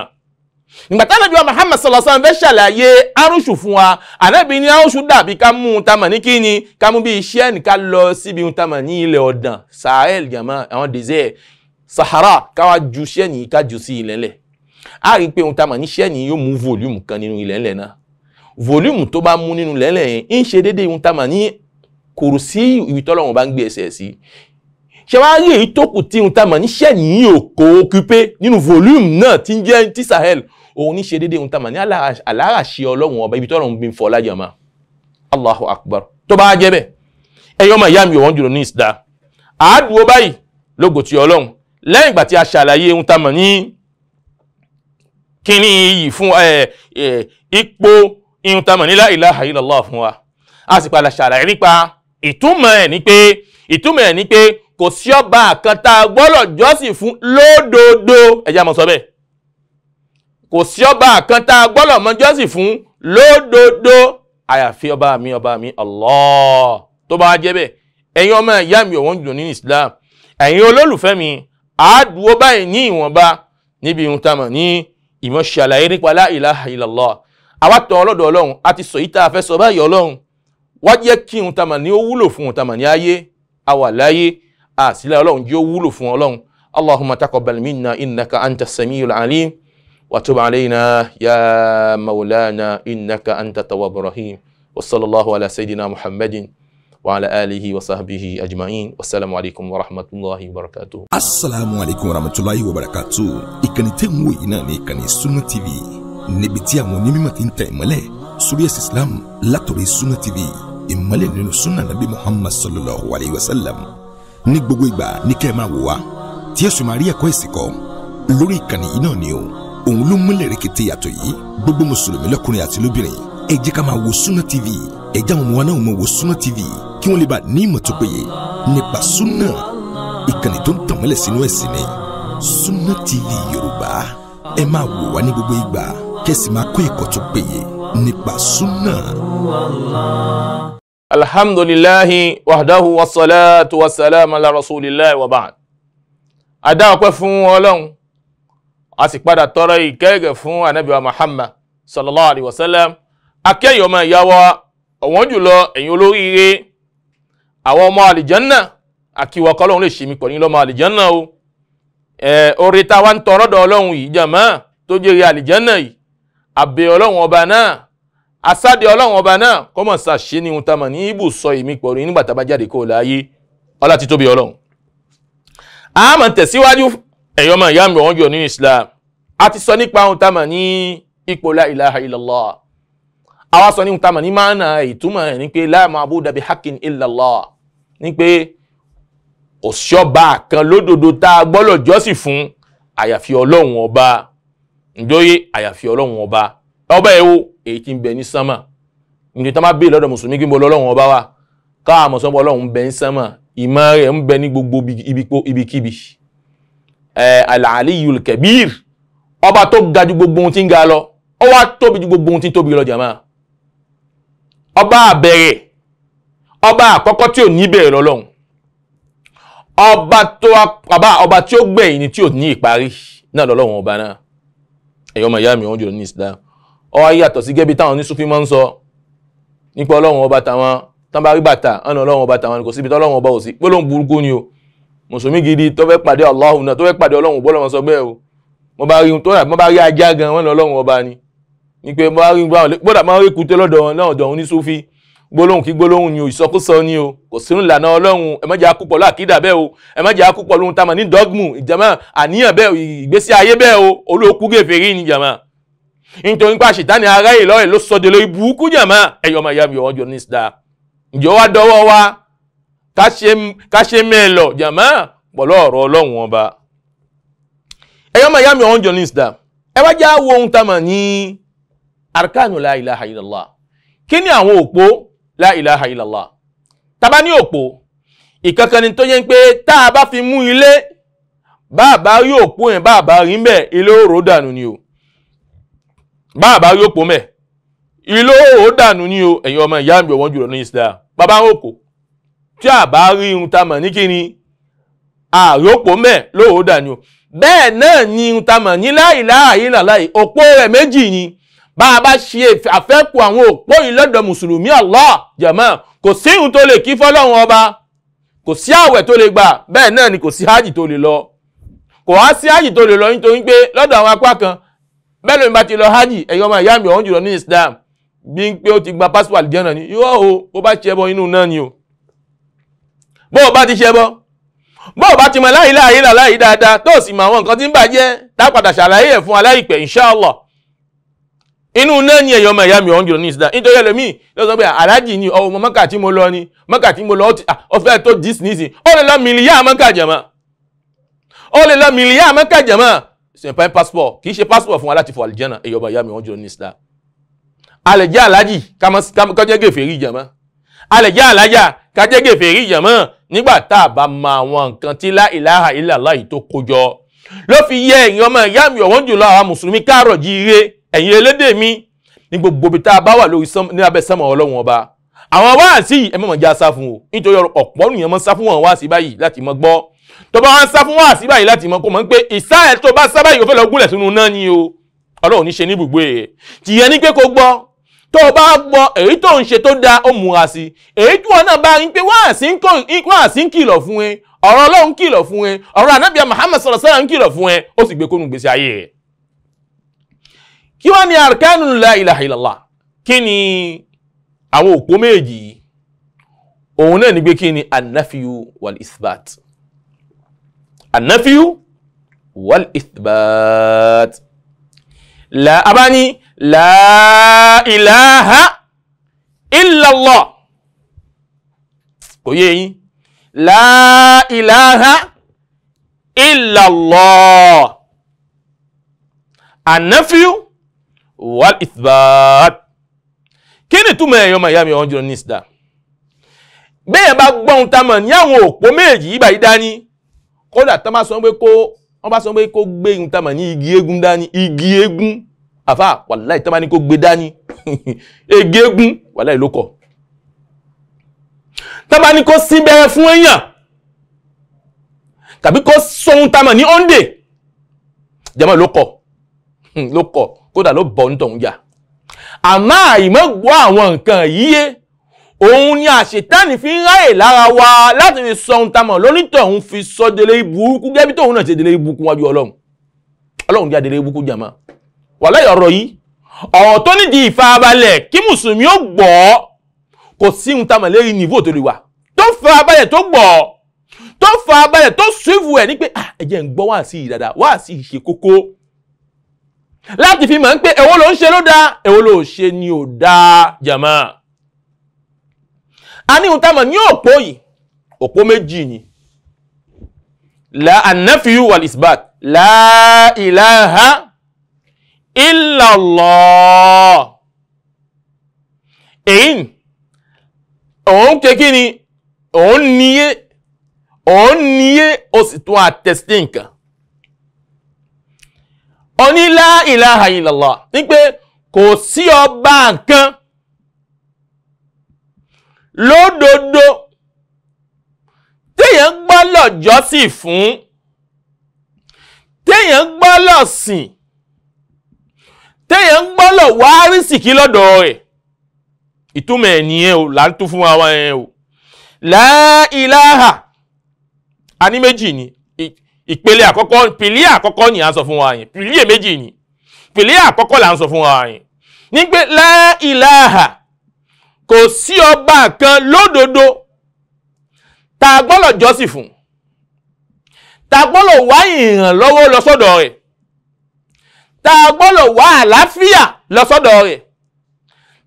nígbà tí ànábì wa Muhammad sallallahu alaihi wasallam ṣàlàyé arúṣù fún wa ànábì ní arúṣù dàbí ká mú un tamọ̀ ní kíni ká mú bí iṣẹ́ nìkan lọ síbi un tamọ̀ ní ilẹ̀ ọ̀dàn Sahel yamma àwọn désert Sahara káwa ju iṣẹ́ nìyí ká ju sí ilẹ̀ ńlẹ̀ a rí i pé un tamọ̀ ní iṣẹ́ nìyí yóò mú volume kan nínú ilẹ̀ ńlẹ̀ náà volume tó bá mú nínú ilẹ̀ ńlẹ̀ yẹn ń ṣe déédéé un tamọ̀ ní kòrò sí ìwé bá ń gbé ẹsẹ̀ sí ṣe wá rí èyí tí n ta mọ̀ níṣẹ́ yìí ò kò ó kí nínú volume náà ti ń jẹ́ ti Sahel òun ní ṣe déédé ohun tàmà ní aláràṣe ọlọ́run ọba ibi tọ́lọ́run gbin fọ́ lájà máa allahu akbar tó bá jẹ́ bẹ́ẹ̀ ẹ̀yọ́ ọmọ ìyá mi ò wọ́n jùlọ ní ìsìdá àádùó báyìí lógo ti ọlọ́run lẹ́yìn ìgbà tí a ṣàlàyé ohun tàmà ní kíní iyì fún ipò ihun tàmà ní la ilaha illallah fún wa a sì padà ṣàlàyé nípa ìtumọ̀ ẹ̀ ní pé ìtumọ̀ ẹ̀ ní pé kò sí ọba àkàntà gbọ́dọ̀ jọ́sìn fún lódodo ẹ̀já mọ̀ sọ bẹ́ẹ̀ kò sí ọba kan tá a gbọ́dọ̀ mọ jọ́sìn fún lódodo àyàfi ọba mi ọba mi Allah tó bá jẹ́ bẹ́ẹ̀ ẹ̀yin ọmọ ìyá mi ọ̀wọ́n jùlọ nínú Islam ẹ̀yin olólùfẹ́ mi àádùúgbò báyìí ní ìwọ̀nba níbi ohun tá a mọ̀ ní ìmọ̀ṣẹ́ àlàyé nípa la ilaha illallah àwátọ̀ ọlọ́dọ̀ ọlọ́run a ti sọ yìí tá a fẹ́ sọ báyìí ọlọ́run wá jẹ́ kí ohun tá a mọ̀ ní ó wúlò fún ohun tá a mọ̀ ní ayé àwà láyé àsìlẹ̀ ọlọ́run jẹ́ ó wúlò fún ọlọ́run Allahumma taqabbal minna innaka anta samiul alim وتب علينا يا مولانا إنك أنت التواب الرحيم وصلى الله على سيدنا محمد وعلى آله وصحبه أجمعين والسلام عليكم ورحمة الله وبركاته السلام عليكم ورحمة الله وبركاته إكاني تيمو إناني إكاني سنة تي في نبتيا مو نمي متين تيمالي سوريا سيسلام لاتوري سنة تي في إمالي نينو سنة نبي محمد صلى الله عليه وسلم نيك بوغويبا نيك ما ووا تيسو ماريا كويسيكو لوري إكاني إنانيو òun ló múlẹ̀ rẹ̀kẹ̀tẹ̀ yàtọ̀ yìí gbogbo mùsùlùmí lọ́kùnrin àti lóbìnrin ẹ jẹ́ ká máa wo Sunna TV ẹ jẹ́ àwọn ọmọ wa náà máa wo Sunna TV kí wọ́n lè bá ní ìmọ̀ tó péye nípa Sunna ìkànnì tó ń tàn sínú ẹ̀sìn ni Sunna TV Yorùbá ẹ máa wò wá ní gbogbo ìgbà kẹ́sì máa kọ́ ẹ̀kọ́ tó péye nípa Sunna. alhamdulilahi wahdahu wasalaatu wasalaam ala rasulilahi wa ba'd. adá ọpẹ́ fún Ọlọ́run a sì padà tọrọ ìkẹ́gẹ̀ fún anabi wa Muhammad sallallahu alayhi wa sallam akẹ́yìn ọmọ ìyá wa ọ̀wọ́n jùlọ ẹ̀yin olóríire àwọn ọmọ àlìjánná àkíwọ́ kọ́lọ́hún lè ṣe mí pọ̀ ní lọ́mọ àlìjánná o oore tá a wá ń tọrọ dọ̀ ọlọ́run yìí jàmá tó jèrè àlìjánná yìí àbẹ̀ ọlọ́run ọba náà asáde ọlọ́run ọba náà kọ́mọ̀ ṣàṣe ní ohun mọ̀ ní ibùsọ ìmí pọ̀ nígbà tá a bá jáde kó o láàyè ọlá títóbi ọlọ́run. a tẹ̀síwájú ẹ̀yọ́ mọ̀ ìyá mi wọ́n jọ nínú Islam a ti sọ nípa ohun tá a mọ̀ ní ipò la ilaha illallah àwa sọ ní ohun tá a mọ̀ ní mánà ìtumọ̀ ẹ̀ ní pé la ma'buda bi haqqin illallah ní pé kò ṣọba kan lódodo tá a gbọ́dọ̀ jọ́sìn fún àyàfi ọlọ́run ọba ǹjọ́yé àyàfi ọlọ́run ọba ọba ẹ̀ èyí tí ń bẹ ní sánmà ǹjẹ́ tá a máa bèè lọ́dọ̀ mùsùlùmí kí n bọ ọlọ́run ọba wa káà mọ̀ sọ́mọ ọlọ́run bẹ ní sánmà ìmọ̀ rẹ̀ ń bẹ ní gbogbo ibikíbi alàlíyul kẹbíir ọba tó ga ju gbogbo ohun tí ń ga lọ ó wá tóbi ju gbogbo ohun tí ń tóbi lọ jàmá ọba àbẹ̀rẹ̀ ọba àkọ́kọ́ tí ò ní bẹ̀rẹ̀ lọ́lọ́run ọba tó àbá ọba tí ó gbẹ̀yìn ni tí ò ní ìparí náà lọ́lọ́run ọba náà ẹ̀yọ́ màyá mi wọ́n jùlọ ní Islam ó wá yàtọ̀ sí gẹ́bí táwọn oníṣúfí máa ń sọ nípa ọlọ́run ọba tàwọn tán bá rí bàtà ọ̀nà ọlọ́run ọba tàwọn kò síbi tọ́lọ́run ọba ò sí gbólóhùn burúkú ni o mùsùlùmí gidi tó fẹ́ pàdé Ọlọ́hun náà tó fẹ́ pàdé Ọlọ́hun bọ́lọ́ wọn sọ bẹ́ẹ̀ o mo bá rí tó mo bá rí ajá gan wọn lọ Ọlọ́hun ọba ni ni pé mo bá rí gbọ́dọ̀ gbọ́dọ̀ máa rí kùtẹ́ lọ́dọ̀ wọn náà dọ̀hún ní Súfí gbólóhùn kí gbólóhùn ni o ìsọkúsọ ni o kò sínú ìlànà Ọlọ́hun ẹ má jẹ́ akú pọ̀lú àkídà bẹ́ẹ̀ o ẹ má jẹ́ pọ̀lú ohun tamọ̀ ní dọ́gmù ìjàmọ́ àníyàn bẹ́ẹ̀ ìgbésí ayé bẹ́ẹ̀ o olóòkú gèfèrí ni jàmọ́ nítorí pé àṣetánì ara ìlọ́rẹ̀ ló sọdẹ lórí burúkú jàmọ́ ẹ̀yọ́ ọmọ ìyá mi ọ̀wọ́n jọ ní ìsìdá ǹjọ́ wá dọ́wọ́ wa ká ṣe mẹ́ẹ̀ lọ jàmá pọ̀lọ́ ọ̀rọ̀ ọlọ́run ọba. ẹ̀yọ́ máa yá mi ọ̀hún jọ̀ní islam ẹ wá já wo ohun tá ní arkanu la ilaha illallah kí ni àwọn òpó la ilaha illallah tàbá ní òpó ìkankan ni tó yẹ pé tá a bá fi mú ilé bàbá rí òpó yẹn bàbá rí mbẹ̀ ilé òrò dànù ni o bàbá rí òpó mbẹ̀ ilé òrò dànù ni o ẹ̀yin ọmọ ìyá mi ọ̀wọ́n jùlọ ní islam bàbá òkò tí a bá rí irun ta mọ̀ ní kíni àròpọ̀ mẹ́ lóòódà ni o bẹ́ẹ̀ náà ni irun ta mọ̀ ní láì láàyè làláì òpó rẹ̀ méjì ni bá a bá ṣe àfẹ́kù àwọn òpó yìí lọ́dọ̀ mùsùlùmí Allah jẹ̀mọ́ kò sí irun tó lè kí fọ́lọ́run ọba kò sí àwẹ̀ tó lè gbà bẹ́ẹ̀ náà ni kò sí hájì tó lè lọ kò wá sí hájì tó lè lọ nítorí pé lọ́dọ̀ àwọn apá kan bẹ́ẹ̀ lóyún bá ti lọ hájì ẹ̀yin ọmọ ìyá mi ọ̀hún jùlọ ní Islam bí pé ó ti gba pásítọ̀ àlìjẹ́nà ni yóò o bó bá ṣe ẹbọ inú náà ni o bó o bá ti ṣẹbọ bó o bá ti mọ láyìí láyìí láyìí dáadáa tó o sì mọ àwọn nǹkan tí ń bàjẹ́ dápadà ṣàlàyé ẹ̀ fún aláìpẹ́ inshallah inú náà ni ẹ̀yọ́ ọmọ ìyá mi ọ̀hún jùlọ ní ìsìdá nítorí ẹlòmíì ló sọ pé aláàjì ni ọmọ mọ́kà tí mo lọ ni mọ́kà tí mo lọ ọfẹ́ tó dis nísìn ó lè lọ mílíyà mọ́kà jẹ̀mọ́ ó lè lọ mílíyà mọ́kà jẹ̀mọ́ passport kì í ṣe passport fún wa láti fọ àlìjẹ́nà ẹ̀yọ́ ọmọ ìyá mi ọ̀hún jùlọ ní ìsìdá alẹ̀ jẹ́ aláàjì kọ́jẹ́ gèfèrí jẹ̀mọ́ alẹ̀ jẹ́ aláàjà kájẹ́gẹ̀ fèrí ìyàmọ́ nígbà tá a bá mọ àwọn nǹkan tí la ilaha illallah yìí tó kójọ ló fi yẹ ẹ̀yin ọmọ ìyá mi ọ̀wọ́n jùlọ àwọn mùsùlùmí káàrọ̀ jíire ẹ̀yin elédè mi ní gbogbo ibi tá a bá wà lórí ní abẹ́ sánmọ̀ ọlọ́run ọba àwọn wáàsí ẹ mọ̀ já sá fún o nítorí ọ̀pọ̀ nìyẹn mọ́ sá fún wọn wáàsí báyìí láti mọ́ gbọ́ tó wọn sá fún wáàsí báyìí láti mọ́ kó mọ́ pé ìsá tó bá sá báyìí ó fẹ́ lọ gúnlẹ̀ sínú náà ni o ọlọ́run ní ṣe ní ibùgbé rẹ̀ e. tìyẹn ní pé kó gbọ́ tó o bá gbọ́ èyí tó ń ṣe tó dáa ó múra sí i èyí tí wọn náà bá rí pé wọ́n á sí ń kìlọ̀ fún ẹ ọ̀rọ̀ ọlọ́run kìlọ̀ fún ẹ ọ̀rọ̀ anábìá Muhammad sallallahu alaihi wasallam ń kìlọ̀ fún ẹ ó sì gbé kónú gbèsè ayé ẹ. kí wọ́n ní arkanu la ilaha illallah kí ni àwọn òpó méjì òun náà ní pé kí ni anafiu wal isbat anafiu wal isbat la abani la ilaha illallah kò yé yín la ilaha illallah anafiu wal ithbat kí ni túmọ̀ ẹ̀yọ́ màá yá mi ọ̀hún jùlọ ní ìsìdá bẹ́ẹ̀ bá gbọ́n ta mọ̀ ní àwọn òpó méjì ibà yìí dání kódà tán sọ pé kó wọ́n bá sọ pé kó gbé ìhun ní igi eégún dání igi eégún àfà wàláì tó bá ní kó gbé dání *laughs* egégún wàláì ló kọ̀ tó bá ní kó síbẹ̀ fún èèyàn tàbí kó sóhun tamọ̀ ní ọ́ndè jẹ́mọ̀ ló kọ̀ hmm, ló kọ̀ kódà ló bọ̀ nítorí jà àmọ́ àìmọ́ gbọ́ àwọn nǹkan yíyé òun ni àṣetánì fi ń ráyè lára wa láti fi sọ ohun tamọ̀ lónítọ̀hún fi sọ délé ibùkún gẹ́bí tóun náà ṣe délé ibùkún wájú ọlọ́run ọlọ́run jẹ́ délé ibùkún jàmáà wàláhì ọ̀rọ̀ yìí ọ̀rọ̀ tó nídìí ìfarabalẹ̀ kí mùsùlùmí ó gbọ́ kò sí ohun tamọ̀ lérí nìvó tó lè wà tó farabalẹ̀ tó gbọ́ tó farabalẹ̀ tó sùúrù ẹ̀ ní pé ah, ẹ jẹ́ ń gbọ́ wá sí i dáadáa wá sí i ṣe kókó láti fi mọ̀ ń pé èwo ló ń ṣe ló dáa èwo ló ṣe ni ò dáa jàmá. a ní ohun tamọ̀ ní òpó yìí òpó méjì ni la anafiyu wal isbat la ilaha illallah èyí òun ṣe kí ni òun níyé òun níyé ó sì àtẹ̀sí nǹkan oní la ilaha illallah ní pé kò sí ọba nǹkan lódodo téèyàn gbọ́lọ̀ jọ́sìn fún téèyàn gbọ́lọ̀ sìn. Si téèyàn ń gbọ́lọ̀ wá rísìkí lọ́dọ̀ rẹ̀ ìtumọ̀ ẹ̀ nìyẹn o là ń tún fún wa yẹn o la ilaha a ní méjì ni ìpele àkọ́kọ́ pèlè àkọ́kọ́ ni à ń sọ fún wa yẹn pèlè méjì ni pèlè àkọ́kọ́ là ń sọ fún wa yẹn ní pé la kò sí ọba kan lódodo tá a gbọ́lọ̀ jọ́sìn fún tá a wá ìrànlọ́wọ́ lọ sọ́dọ̀ rẹ̀ tá a gbọ́dọ̀ wá àlàáfíà lọ sọ́dọ̀ rẹ̀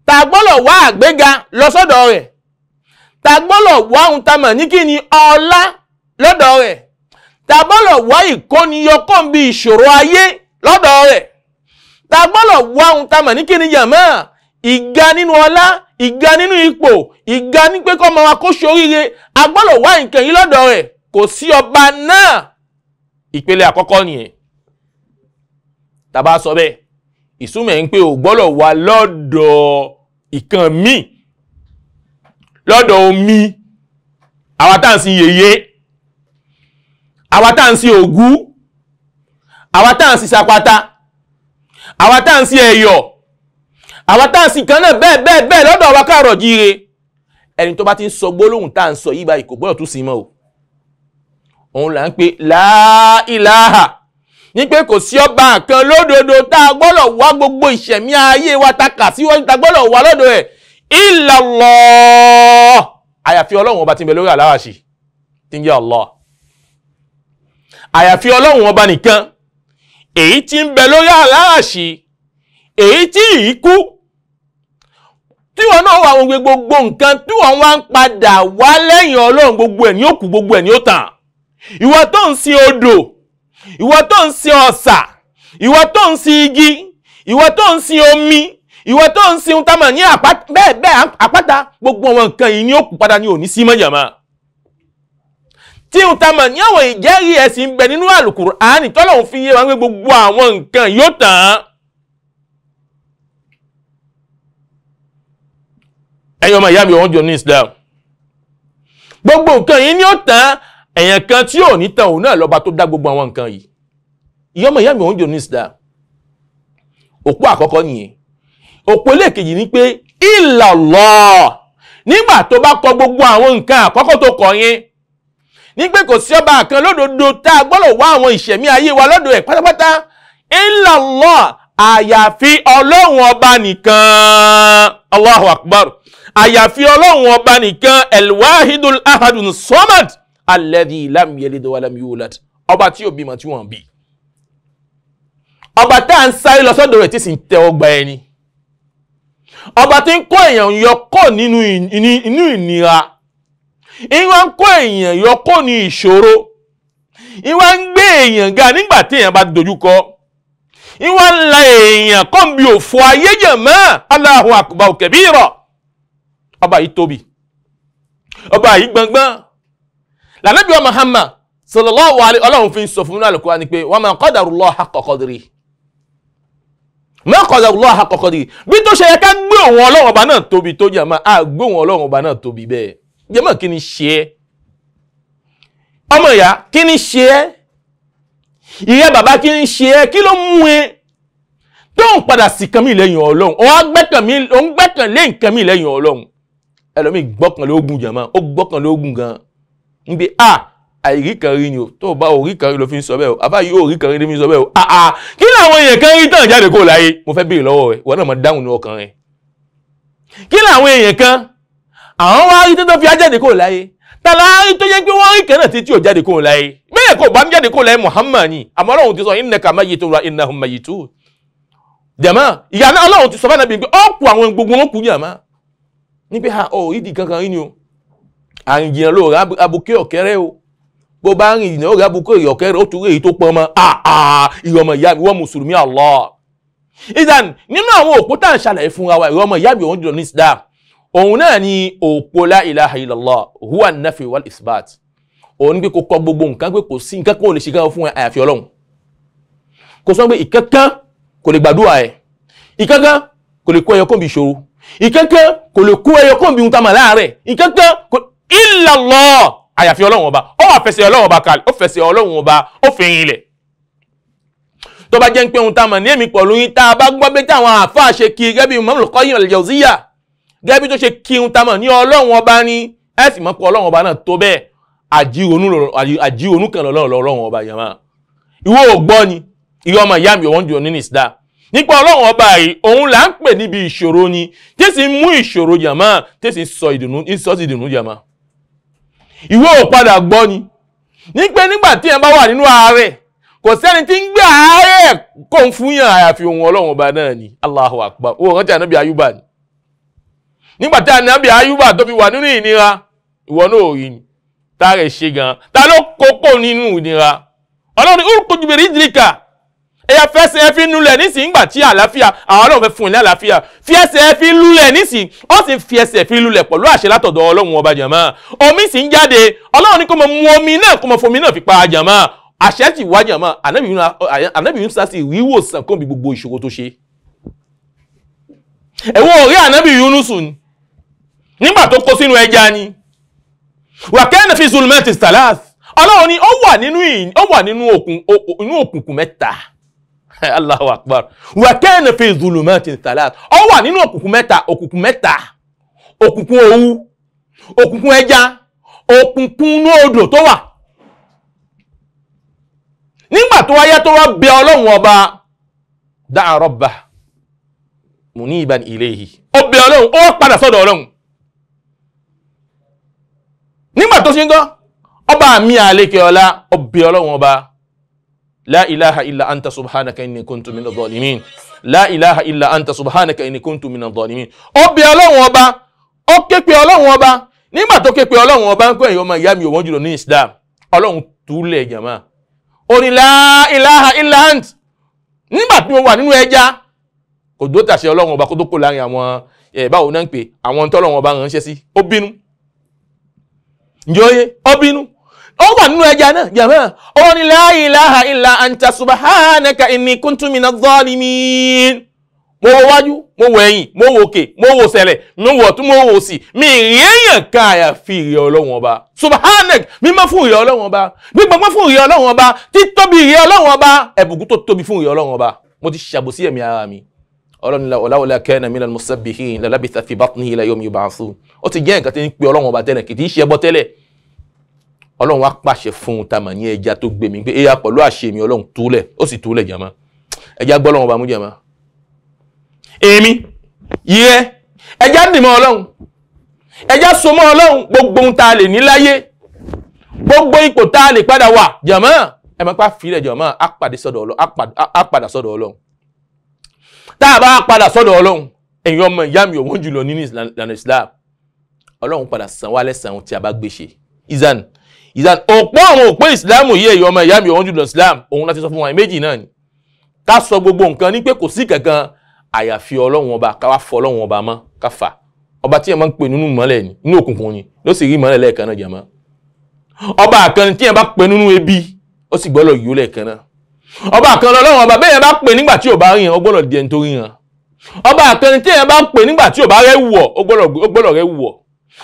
tá a gbọ́dọ̀ wá àgbéga lọ sọ́dọ̀ rẹ̀ tá a gbọ́dọ̀ wá ohun tá a mọ̀ ní kí ni ọlá lọ́dọ̀ rẹ̀ tá a gbọ́dọ̀ wá ìkóniyọkàn bí ìṣòro ayé lọ́dọ̀ rẹ̀ tá gbọ́dọ̀ wá ohun tá mọ̀ ní kí ni yàmọ́ ìga nínú ọlá ìga nínú ipò ìga ní pé kọ́mọ wa kó ṣoríire a gbọ́dọ̀ wá nǹkan yìí lọ́dọ̀ rẹ̀ kò sí ọba náà ìpele àkọ́kọ́ nìyẹn tàbá sọ bẹ́ẹ̀ ìsúnmẹ̀ ń pé ò gbọ́dọ̀ wà lọ́dọ̀ ìkan mí lọ́dọ̀ omi àwa tá à ń sin yèyé àwa tá à ń sin ògú àwa tá à ń sin sapata àwa tá à ń sin ẹ̀yọ̀ àwa tá kan náà bẹ́ẹ̀ bẹ́ẹ̀ bẹ́ẹ̀ lọ́dọ̀ àwa káàrọ̀ jíire ẹni tó bá ti ń sọ gbólóhùn tá ń sọ yí báyìí tún sin mọ́ o òun là ń pè láìláhà ní pé kò sí ọba kan lódodo tá a gbọ́dọ̀ wá gbogbo ìṣẹ̀mí ayé wa ta kà síwájú ta gbọ́dọ̀ wá lọ́dọ̀ ẹ̀ illallah àyàfi ọlọ́run ọba tí ń bẹ lórí àláwàṣì tí ń jẹ́ Allah àyàfi ọlọ́run ọba nìkan èyí tí ń bẹ lórí àláwàṣì èyí tí yìí kú tí wọn náà wà wọn gbogbo nǹkan tí wọn wá ń padà wá lẹ́yìn ọlọ́run gbogbo ẹ̀ ní òkú gbogbo ẹ̀ ní ó tàn ìwọ tó ń sin odò ìwọ tó ń sin ọ̀sà ìwọ tó ń sin igi ìwọ tó ń sin omi ìwọ tó ń sin tamọ̀ ní bẹ́ẹ̀ bẹ́ẹ̀ àpáta gbogbo àwọn nǹkan yìí ni ó kù padà ní òní sí mọ́jàmá tí n tamọ̀ ní àwọn ìjẹ́rìí ẹ̀sìn bẹ nínú Al-Qur'ani tọ́lọ́hún fi yé wa pé gbogbo àwọn nǹkan yóò tán. ẹ̀yin ọmọ ìyá mi wọ́n jọ ní Islam gbogbo nǹkan yìí ni ó tán èèyàn kan tí ò ní tan òun náà lọ́ba tó dá gbogbo àwọn nǹkan yìí ìyọ́mọ ìyá mi òun jò ní ìsìdá òpó àkọ́kọ́ nìyẹn òpó lẹ́ẹ̀kejì ni pé ìlọ̀lọ́ nígbà tó bá kọ gbogbo àwọn nǹkan àkọ́kọ́ tó kọ yẹn ní pé kò sí ọba kan lódodo tá a gbọ́dọ̀ wá àwọn ìṣẹ̀mí ayé wa lọ́dọ̀ ẹ̀ pátápátá ìlọ̀lọ́ àyàfi ọlọ́run ọba nìkan Allahu Akbar àyàfi ọlọ́run ọba nìkan elwahidul ahadun somad alladhi lam yalid wa lam yulad ọba tí ò bímọ tí wọ́n bí ọba tá à ń sáré lọ sọ́dọ̀ rẹ̀ tí sì ń tẹ ọgbà ẹni ọba tí ń kó èèyàn yọ kó nínú ìnira ìwà ń kó èèyàn yọ kó ní ìṣòro ìwà ń gbé èèyàn ga nígbà tí èèyàn bá dojúkọ ìwà ń la èèyàn kọ́ ń bi òfò ayé yẹ̀ mọ́ Allahu akbar kabira ọba yìí tóbi ọba yìí gbọ̀ngbọ̀n lànàbí wa Muhammad sallallahu alaihi ọlọ́run fi ń sọ fún mi lálùkọ́ ni pé wa ma qadarullah haqqa qadrihi ma qadarullah haqqa qadrihi bí tó ṣe yẹ ká gbé òun ọlọ́run ọba náà tóbi tó jẹ́ àmọ́ a gbé òun ọlọ́run ọba náà tóbi bẹ́ẹ̀ jẹ́ mọ́ kí ni ṣe é ọmọ ìyá kí ni ṣe é ìyá bàbá kí ni ṣe é kí ló mú e tó ń padà sí kan lẹ́yìn ọlọ́run ó gbẹ́kànlé nǹkan lẹ́yìn ọlọ́run ẹlòmíì gbọ́kànlé ogun jàmá ó gbọ́kànlé ogun gan-an ń gbé a ah, àìrí kan rí ni o tó o bá òrí kan rí ló fi ń sọ bẹ́ẹ̀ o àbá yìí òrí kan rí ló fi ń sọ bẹ́ẹ̀ o àà ah, ah, kí làwọn èèyàn kan rí tàn jáde kó láyé mo fẹ́ béèrè lọ́wọ́ rẹ ìwọ náà mọ dáhùn ní ọkàn rẹ kí làwọn èèyàn kan àwọn wá rí tó fi á jáde kó láyé tàlàárí tó yẹ pé wọ́n rí kẹ́nà títí ò jáde kó láyé bẹ́ẹ̀ kò bá ń jáde kó láyé Muhammad ni àmọ́ ọlọ́run ti sọ ha ọ̀ ìdí kankan rí àrìn jìnnà ló rà abùké ọ̀kẹ́rẹ́ o bó bá rìn jìnnà ó rà abùké ọ̀kẹ́rẹ́ ó tún rí èyí tó pọn mọ́ àà ah, ah, ìrọ̀mọ̀ ìyá mi wọ́n mùsùlùmí Allah. ìdàn nínú àwọn òpó tá à ń ṣàlàyé fúnra wa ìrọ̀mọ̀ ìyá mi òun jùlọ ní Islam òun náà ni òpó la ilaha huwa nafi wal isbat òun pé kò kọ gbogbo nǹkan pé kò sí nǹkan kan ò lè ṣe kankan fún àyàfi Ọlọ́run kò sọ pé ìkankan kò lè gbàdúrà ẹ̀ ìkankan kò lè kó ẹyọ kóńbi ìṣòro ìkankan kò lè kó ẹyọ kóńbi ohun tá a mọ̀ láàárẹ̀ ìkankan kò illallah àyàfi ọlọ́run ọba ó wà fẹsẹ̀ ọlọ́run ọba kalẹ̀ ó fẹsẹ̀ ọlọ́run ọba ó fẹ̀yìn ilẹ̀ tó bá jẹ́ ń pé ohun tá a mọ̀ ní èmi pẹ̀lú yín tá a bá gbọ́ pé táwọn àáfàá ṣe kí gẹ́bí Imamul Qayyim al-Jawziyya gẹ́bí tó ṣe kí ohun tá a mọ̀ ní ọlọ́run ọba ni ẹ sì mọ̀ pé ọlọ́run ọba náà tó bẹ́ẹ̀ àjíronú kan lọ́lọ́run ọba yàmá ìwọ ò ni ìyá ọmọ ìyá mi òun jù ní nìsdá nípa ọlọ́run ọba yìí òun là ń pè níbi ìṣòro ni tí sì ń mú ìṣòro yàmá tí sì ń sọ ìdùnnú yàmá. ìwé ò padà gbọ́ ni ní pé nígbà tí bá wà nínú ààrẹ kò sẹ́ni tí ń gbé ààrẹ kò ń fún yàn àyàfi ohun ọlọ́run ọba náà ni Allahu Anabi owó ni nígbà tí ànábì Ayúbà tó fi wà nínú ìnira ìwọ náà rí ni tá a rẹ̀ ṣe gan ta ló kókó nínú ìnira ẹyà fẹsẹ̀ ẹ fi nulẹ̀ nísìnyí ńgbà tí àlàáfíà àwọn ọlọ́run fẹ́ fún yín ní àlàáfíà fi ẹsẹ̀ ẹ fi lulẹ̀ nísìnyí ó sì fi ẹsẹ̀ fi lulẹ̀ pẹ̀lú àṣẹ látọ̀dọ̀ ọlọ́run ọba jàmá omi sì ń jáde ọlọ́run ní kó mọ mu omi náà kó mọ fomi náà fi pa jàmá àṣẹ ti wá jàmá ànábì Yúnúsà sì rí ìwòsàn kó bí gbogbo ìṣòro tó ṣe. ẹ̀wọ̀n orí ànábì Yúnúsù ni nígbà tó kó sínú ẹja ni wàkẹ́ni fi zulmẹ́tì stalas ọlọ́run ni ó wà nínú òkùnkùn mẹ́ta *laughs* Allahu akbar wa kana fi dhulumatin thalath ó wà nínú òkùnkùn mẹ́ta òkùnkùn mẹ́ta òkùnkùn òwú òkùnkùn ẹja òkùnkùn ní odò tó wà nígbà tó wáyé tó wá bẹ ọlọ́run ọba da'a rabbah muniban ilayhi ó bẹ ọlọ́run ó padà sọ́dọ̀ ọlọ́run nígbà tó ṣe ń gọ́ ọba mi àlekè ọlá ó bẹ ọlọ́run ọba لا إله إلا أنت سبحانك إني كنت من الظالمين لا إله إلا أنت سبحانك إني كنت من الظالمين ó bi Ọlọ́run ọba ó ké pe Ọlọ́run ọba nígbà tó ké pe Ọlọ́run ọba ń kọ́ ẹ̀yọ́ ọmọ ìyá mi òwọ́n jùlọ ní Islam Ọlọ́run túlẹ̀ jàmá ó ní لا إله إلا أنت nígbà tí mo wà nínú ẹja kò dó tàṣẹ Ọlọ́run ọba kó tó kó láàrin àwọn ẹ̀ báwo náà ń pè àwọn tọ́lọ́run ọba ránṣẹ́ sí ó bínú ǹjọ́ yé ó bínú ó wà nínú ẹja náà jẹ̀mọ́ ó ní la ilaha illa anta subhanaka inni kuntu minaz zalimin mo wo wájú mo wo ẹ̀yìn mo wo òkè mo wo sẹ̀lẹ̀ mo wo ọ̀tún mo wo òsì mi rí ká àyàfi ìrẹ́ ọlọ́run ọba subhanak mímọ́ fún ìrẹ́ ọlọ́run ọba gbígbọ́n fún ìrẹ́ ọlọ́run ọba títóbi ìrẹ́ ọlọ́run ọba ẹ̀bùkún tó tóbi fún ìrẹ́ ọlọ́run ọba mo ti ṣàbòsí ẹ̀mí ara mi ọlọ́run la ọ̀làwọ̀lá kẹ́nà mi lẹ́nu mọ̀sábìhìn lẹ́lábìtà fi bá tún yìí lẹ́yọ̀mí ìbànsú ó ti jẹ́ nǹkan tí ń pe ọlọ́run ọba tẹ́lẹ̀ kì í ṣe ẹbọ tẹ́lẹ̀ ọlọ́run wá pàṣẹ fún un tamà ní ẹja tó gbé mi pé eya pẹ̀lú àṣẹ mi ọlọ́run túlẹ̀ ó sì túlẹ̀ jàmá ẹja gbọ́ ọlọ́run ọba mú jàmá èmi yíyẹ ẹja dìmọ́ ọlọ́run ẹja somọ́ ọlọ́run gbogbo ohun tá a lè ní láyé gbogbo ipò tá a lè padà wà jàmá ẹ máa pa fìlẹ̀ jàmá á padà sọ́dọ̀ ọlọ́run á padà sọ́dọ̀ ọlọ́run tá a bá padà sọ́dọ̀ ọlọ́run ẹ̀yin ọmọ ìyá mi òun jùlọ nínú ìlànà Islam ọlọ́run padà san wálẹ̀ san tí a bá gbé izan ìdá òpó àwọn òpó ìsìláàmù yìí ẹ̀yọ́ ọmọ ìyá mi ọ̀hún jùlọ islam òun láti sọ fún wọn méjì náà ni ká sọ gbogbo nǹkan ní pé kò sí kankan àyàfi ọlọ́run ọba ká wá fọ ọlọ́run ọba mọ́ ká fà ọba tí yẹn máa ń pè nínú mọ́lẹ̀ ni inú òkùnkùn ni ló sì rí mọ́lẹ̀ lẹ́ẹ̀kan náà jẹ̀mọ́ ọba àkan tí yẹn bá pè nínú ebi ó sì gbọ́dọ̀ yìí ó lẹ́ẹ̀kan náà ọba àkan ọlọ́run ọba bẹ́ẹ̀ yẹn bá pè nígbà tí ò bá rí yẹn ó gbọ́dọ̀ di ẹni tó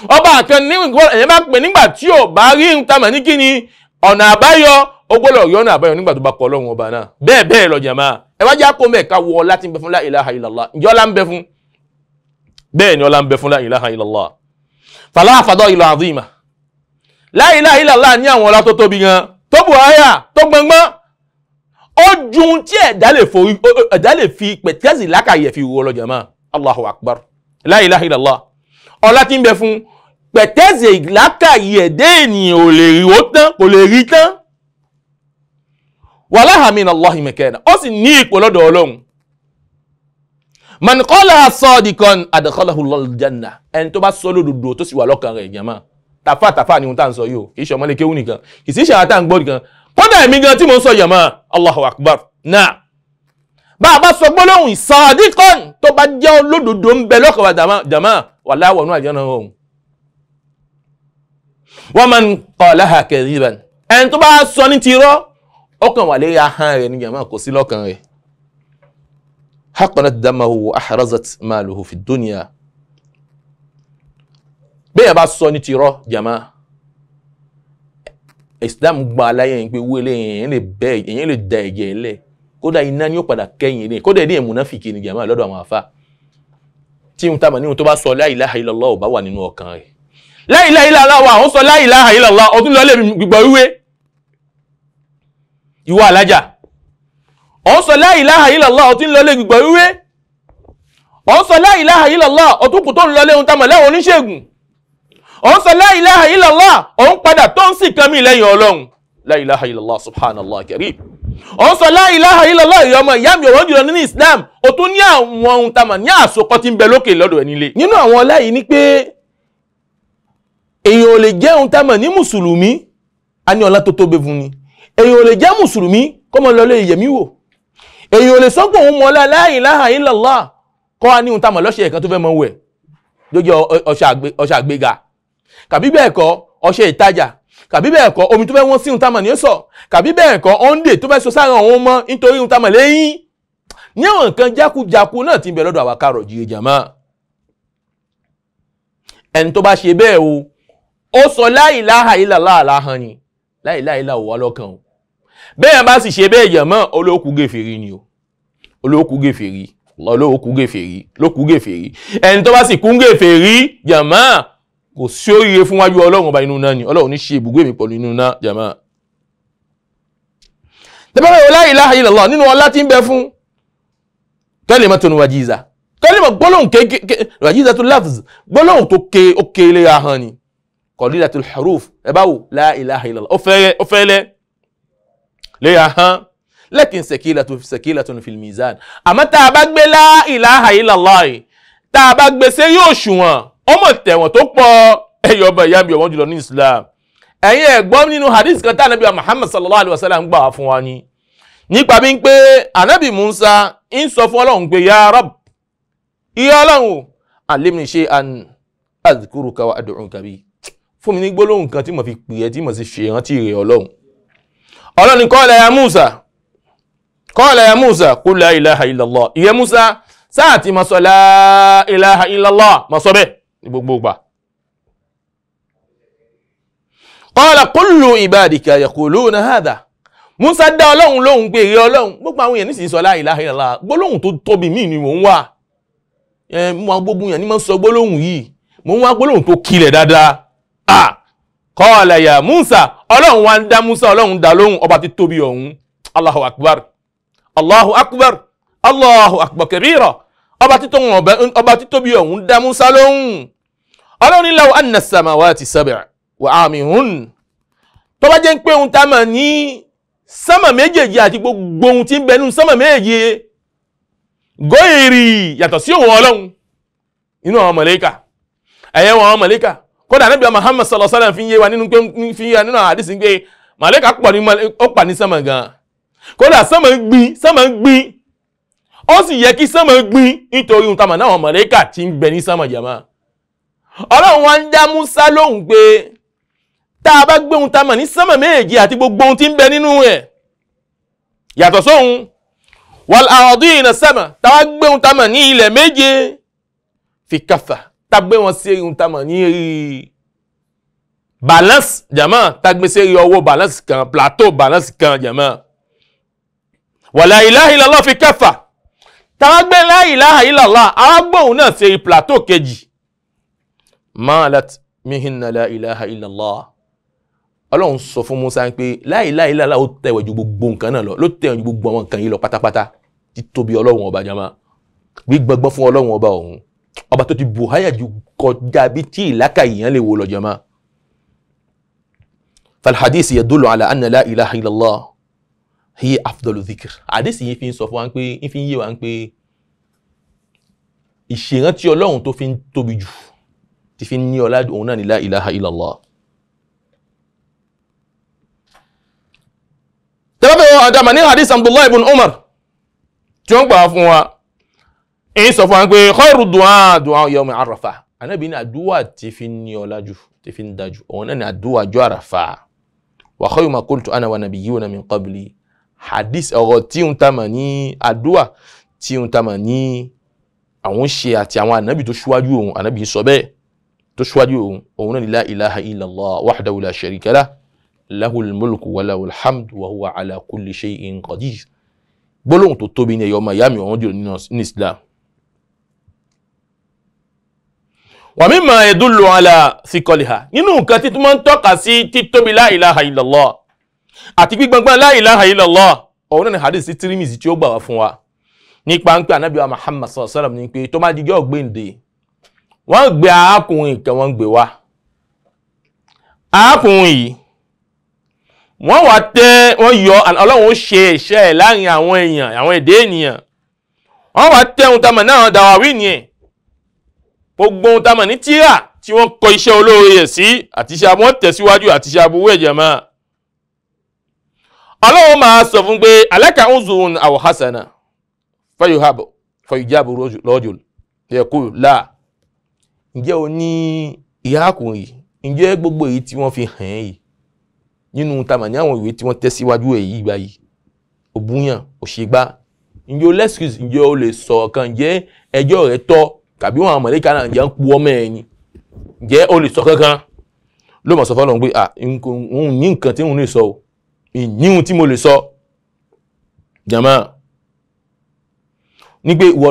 ọba kan èyàn bá pè nígbà tí ò bá rí ntàmà ní kíni ọ̀nà àbáyọ ó gbọ́dọ̀ rí ọ̀nà àbáyọ nígbà tó bá kọ ọlọ́run ọba náà bẹ́ẹ̀ bẹ́ẹ̀ lọ jàmá ẹ wá já kó mẹ́ẹ̀ ká wọ ọlá tí ń bẹ fún la ilaha illallah ǹjẹ́ ọlá ń bẹ fún bẹ́ẹ̀ ni ọlá ń bẹ fún la ilaha illallah fàlà àfàdọ́ ìlọ àdìmà la ilaha illallah ní àwọn ọlá tó tóbi gan tó bù áyà tó gbọngbọ́n ó ju tí ẹ̀dá lè fi pẹ̀tẹ́sì lákàyè fi wọ lọ jàmá Allahu akbar la ilaha ọlá tí ń bẹ fún pẹ̀tẹ́sì ìlàkàyè ẹ̀dẹ́ ènìyàn ò lè rí ó tán kò lè rí tán walaha min Allahi mẹ̀kẹ́nà ó sì ní ipò lọ́dọ̀ ọlọ́run man qala sadiqan adkhalahu Allahu janna ẹni tó bá sọ lódodo tó sì wà lọ́kàn rẹ̀ jàmá tàfà tàfà ni ohun tá à ń sọ yìí o kì í ṣe kéwù nìkan kì í sì ṣe àwọn ń gbọ́ nìkan kódà èmi gan tí mo ń sọ jàmá Allahu akbar náà bá a bá sọ gbólóhùn sadiqan tó bá jẹ́ olódodo ń bẹ lọ́kàn wa jàmá wàlá wọnú àlìjánà òun wọ́n máa ń kọ́ láhà kẹrìbẹ̀ ẹni tó bá sọ ní ti rọ́ ọkàn wà lé ahán rẹ̀ ní jàmáà kò sí lọ́kàn rẹ̀ haqqanat damahu wa ahrazat maluhu fi dunya bẹ́ẹ̀ bá sọ ní ti rọ́ jàmáà islam gba aláyẹ yẹn pé wúlé èèyàn lè bẹ́ èèyàn lè da ẹ̀jẹ̀ lẹ̀ kódà iná ni ó padà kẹ́yìn lẹ́yìn kódà ilé ìmúnáfìkì ní jàmáà lọ́dọ̀ àwọn àfáà tí n ta mọ̀ nínú tó bá sọ la ilaha illallah ò bá wà nínú ọkàn rẹ̀ la ilaha illallah wà ó sọ la ilaha illallah ọdún lọ́lẹ̀ gbígbọ́ wíwé ìwọ alájà ó sọ la ilaha illallah ọdún lọ́lẹ̀ gbígbọ́ wíwé ó sọ la ilaha illallah ọdún kù tó ń lọ́lẹ̀ ohun ta mọ̀ lẹ́wọ̀n oníṣègùn ó sọ la ilaha illallah òun padà tó ń sì kan mí lẹ́yìn ọlọ́run la ilaha subhanallah karim ó ń sọ la ilaha illallah ìyá ọmọ ìyá mi ọ̀wọ́n jùlọ nínú Islam ó tún ní àwọn ohun tá ní àsokọ́ tí ń bẹ lókè lọ́dọ̀ ẹni nínú àwọn ọlá ni pé èèyàn ò lè jẹ́ ohun tá a mọ̀ ní mùsùlùmí a ní ọlá tó tóbi fún ni èèyàn ò lè jẹ́ mùsùlùmí kó mọ lọlé ìyẹ̀mí wò èèyàn ò lè sọ pé òun mọ ọlá la ilaha illallah kọ́ wa ní ohun tá a mọ̀ lọ́sẹ̀ ẹ̀kan tó fẹ́ mọ wẹ̀ lójú ọṣẹ àgbéga kàbí bẹ́ẹ̀ kọ́ ọṣẹ ìtajà kàbí bẹ́ẹ̀ kọ́ omi tó fẹ́ wọ́n sí ohun táwọn ènìyàn sọ kàbí bẹ́ẹ̀ kọ́ ọ́ndè tó fẹ́ sọ sáà àwọn ọmọ nítorí ohun táwọn lẹ́yìn ní àwọn nǹkan jákujáku náà ti ń bẹ lọ́dọ̀ àwa kárọ̀ jíire jàmá ẹni tó bá ṣe bẹ́ẹ̀ o ó sọ láìláha ìlàlá àláhan ni láìláha ìlà òwà lọ́kàn o bẹ́ẹ̀ bá sì ṣe bẹ́ẹ̀ jàmá olóòkú gèfèrí ni o olóòkú gèfèrí olóòkú gèfèrí lókú gèfèrí ẹni tó bá sì kú gèfèrí jàmá kò sí òye fún wájú ọlọ́run ọba inú náà ni ọlọ́run ní ṣe ibùgbé mi pọ̀lú inú náà jàmá. tẹ́fẹ́ wọ́n la ilaha illallah nínú ọlá tí ń bẹ fún kalimatun wajiza kẹ́lẹ́mọ̀ gbólóhùn kéèké wajizatul lafz gbólóhùn tó ké ó lé ahọ́n ni qalilatul huruf ẹ bá wò la ilaha illallah ó fẹ́lẹ́ lé ahọ́n lakin sakilatun fil mizan ọmọ tẹ̀wọ̀n tó pọ̀ ẹ̀yọ ọba ìyá mi ọ̀wọ́n jùlọ ní islam ẹ̀yin ẹ̀gbọ́n nínú hadith kan tá ànábì muhammad sallallahu alayhi wa sallam gbà wá fún wa ni nípa bí pé ànábì musa ń sọ fún ọlọ́run pé ya rab iye ọlọ́run alimni shay'an adhkuruka wa ad'uka bi fún mi ní gbólóhùn kan tí mo fi pè ẹ́ tí mo sì ṣe ìrántí rẹ̀ ọlọ́run ọlọ́run qala ya musa qala ya musa qul la ilaha illallah ìyẹn musa sáà tí mo sọ la ilaha illallah mo sọ bẹ́ẹ̀ ní gbogbo ìgbà qala kullu ibadika yaquluna hadha musa dá ọlọ́run lóhun pé èrè ọlọ́run gbogbo àwọn èèyàn nísìnyí sọ la ilaha illallah gbólóhùn tó tóbi míì ni mò ń wà ẹ mọ gbogbo èèyàn ní máa ń sọ gbólóhùn yìí mò ń wá gbólóhùn tó kilẹ̀ dáadáa ah qala ya musa ọlọ́run wa ń dá musa ọlọ́run dá lóhùn ọba ti tóbi ọ̀hún allahu akbar allahu akbar allahu akbar kabira ọba títóbi ọ̀hún dá musa lóhùn ọlọ́run ní law anna samawati sab'a wa amihun tó bá jẹ́ pé ohun tá a mọ̀ ní sánmà méjèèjì àti gbogbo ohun tí ń bẹnu sánmà méjèèjì gọ́ìrì yàtọ̀ sí òun ọlọ́run inú àwọn mọ̀lẹ́kà ẹ̀yẹ wọn mọ̀lẹ́kà kódà Ànábì Muhammad sallallahu alaihi fi ń yé wa nínú pé fi ń yé nínú àwọn àdìsí pé mọ̀lẹ́kà pọ̀ ní ọ̀pà ní sánmà gan kódà sánmà gbin sánmà gbin ó sì yẹ kí sánmà gbin nítorí ohun tá a mọ̀ náà mọ̀lẹ́kà ti ń bẹ ní sánmà jàmáà ọlọ́run wa ń dá Musa lóhùn pé tá a bá gbé ohun tá a mọ̀ ní sánmà méje àti gbogbo ohun tí ń bẹ nínú ẹ̀ yàtọ̀ sóhun wal aradina sama tá a wá gbé ohun tá a mọ̀ ní ilẹ̀ méje fi kàfà tá a gbé wọn sí ohun tá mọ̀ ní eré balance jama tá a gbé sí eré ọwọ́ balance kan plateau balance kan jama wala ilaha illallah fi kàfà tá a wá gbé la ilaha illallah àwọn gbóhùn náà sí eré plateau kejì malat mihinna la ilaha illallah ọlọ́run sọ fún musa pé la ilaha illallah ó tẹ̀wẹ̀ ju gbogbo nǹkan náà lọ ló tẹ̀wẹ̀ ju gbogbo àwọn nǹkan yìí lọ pátápátá títóbi ọlọ́run ọba jama gbígbọ́gbọ́ fún ọlọ́run ọba ọ̀hún ọba tó ti bù háyà ju kọjá bí tí ìlàkà èèyàn lè wo lọ jama falhadis yadullu ala anna la ilaha illallah hiya afdalu dhikr hadis yìí fi ń sọ fún wa pé ń yé wa pé ìṣèrántí ọlọ́run tó fi ń tóbi jù ti fi ní ọlá òun náà ní la ilaha illallah. tẹ́lẹ̀fẹ́ wọn àdàmà ní hadith abdullahi ibn umar tí ó ń gbà fún wa èyí sọ fún wa pé khairu du'a du'a yawmi arafa anábì ní àdúwà tí fi ní ọlá jù tí fi ń dájú òun náà ní àdúwà jọ àràfà wa khairu ma qultu ana wa nabiyyuna min qabli hadith ọ̀rọ̀ tí ń tamà ní àdúwà tí ń tamà ní àwọn ṣe àti àwọn ànábì tó ṣíwájú òun ànábì sọ bẹ́ẹ̀ tó ṣíwájú òun òun náà ni la ilaha illallah wahdahu la sharika lah lahul mulku wa lahul hamdu wa huwa ala kulli shay'in qadir gbólóhùn tó tóbi ní ẹ̀yọ́ ọmọ ìyá mi ọ̀hún jùlọ nínú islam. wa mimma yadullu ala thiqaliha nínú nǹkan tí tó máa ń tọ́ka sí títóbi la ilaha àti gbígbọ́ngbọ́n la ilaha ọ̀hún náà ni hadith tí Tirmidhi tí ó gbà wá fún wa nípa ń pè ànábìwá Muhammad sallallahu alaihi wasallam ní pé tó máa di ọjọ́ gbèǹde wọ́n gbé arákùnrin kan wọ́n gbé wá arákùnrin yìí wọ́n wá tẹ́ wọ́n yọ ọlọ́run ṣe iṣẹ́ ẹ̀ láàrin àwọn èèyàn àwọn èdè ènìyàn wọ́n wá tẹ́ ohun tamọ̀ náà dàwárí nìyẹn gbogbo ohun tamọ̀ ní tíra tí wọ́n kọ iṣẹ́ olóore yẹ̀ sí àti iṣẹ́ abọ́ tẹ̀síwájú àti iṣẹ́ aburú ẹ̀jẹ̀ máa ọlọ́run máa sọ fún pé alaka ń zùn àwọ̀ hasana fayuhabu fayujabu rọ́jò lẹ́kùn láà ǹjẹ́ o ní ìhà àkùnrin yìí ǹjẹ́ gbogbo èyí tí wọ́n fi hàn yìí nínú tamà ní àwọn ìwé tí wọ́n tẹ́ síwájú èyí ìgbà yìí òbúyàn òṣègbà ǹjẹ́ o lẹ́sìkìs ǹjẹ́ o lè sọ̀rọ̀ kan ǹjẹ́ ẹjọ́ rẹ tọ́ tàbí wọn àmọ̀lẹ́kà náà ǹjẹ́ ń pu ọmọ ẹ̀ ni ǹjẹ́ o lè sọ kankan ló mọ̀ sọ fọ́lọ́run pé òun ní nǹkan tí òun lè sọ sọ jàmáà ní pé ìwọ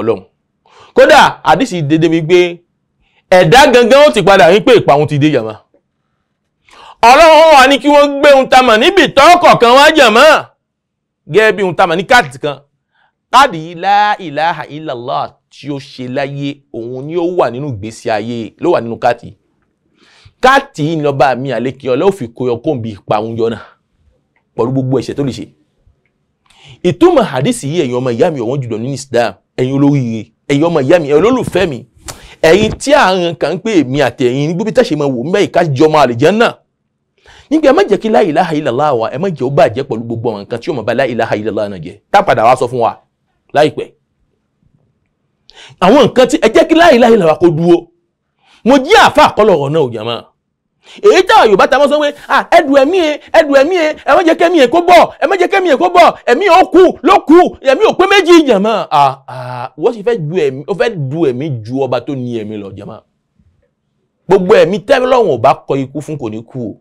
ọlọ́run kódà àdìsí dédé mi gbé ẹ̀dá gangan ó ti padà rí pé ìpàwọn ti dé jàmá ọlọ́run wà ní kí wọ́n gbé ohun tamà níbi tọ́kọ̀ kan wá jàmá gẹ́gẹ́ bí ohun tamà ní káàdì kan káàdì la ilaha illallah tí ó ṣe láyé òun ni ó wà nínú ìgbésí ayé ló wà nínú káàdì káàtì ní ọba mi àlékè ọlọ́ òfin kó yọ kóńbi ipa òun yọ náà pẹ̀lú gbogbo ẹ̀ṣẹ̀ tó lè ṣe. ìtumọ̀ hadisi yìí ẹ̀yin ọmọ ìyá mi ọ̀wọ́n jùlọ nínú Islam ẹ̀yin olóríire ẹ̀yin ọmọ ìyá mi ẹ̀yin olólùfẹ́ mi ẹ̀yin tí àrùn kan ń pè mí àti ẹ̀yin níbi tẹ̀sí máa wò mí báyìí ká jọ máa lè náà nígbà ẹ má jẹ́ kí la ilaha illallah wa ẹ má jẹ́ ó bàjẹ́ pẹ̀lú gbogbo àwọn nǹkan tí ó máa bá la ilaha illallah náà jẹ́ tá padà wá sọ fún wa láìpẹ́ àwọn nǹkan tí ẹ jẹ́ kí la ilaha illallah kó dúró mo jí àfa àkọlọ̀ ọ̀rọ̀ náà èyí tí àwọn yorùbá ta mọ́ sọ pé ẹdù ẹ̀mí e ẹdù ẹ̀mí e ẹ má jẹ́ kẹ́mi ẹ̀ e kó bọ̀ ẹ má jẹ́ kẹ́mi ẹ̀ e kó bọ̀ ẹ̀mí ò kú ló kú ẹ̀mí ò pé méjì jàmọ́ wọ́n sì fẹ́ du ẹ̀mí ó fẹ́ du ẹ̀mí ju ọba tó ní ẹ̀mí lọ jàmọ́ gbogbo ẹ̀mí tẹ́lọ́wọ̀n ò bá kọ ikú fún kò ní kú o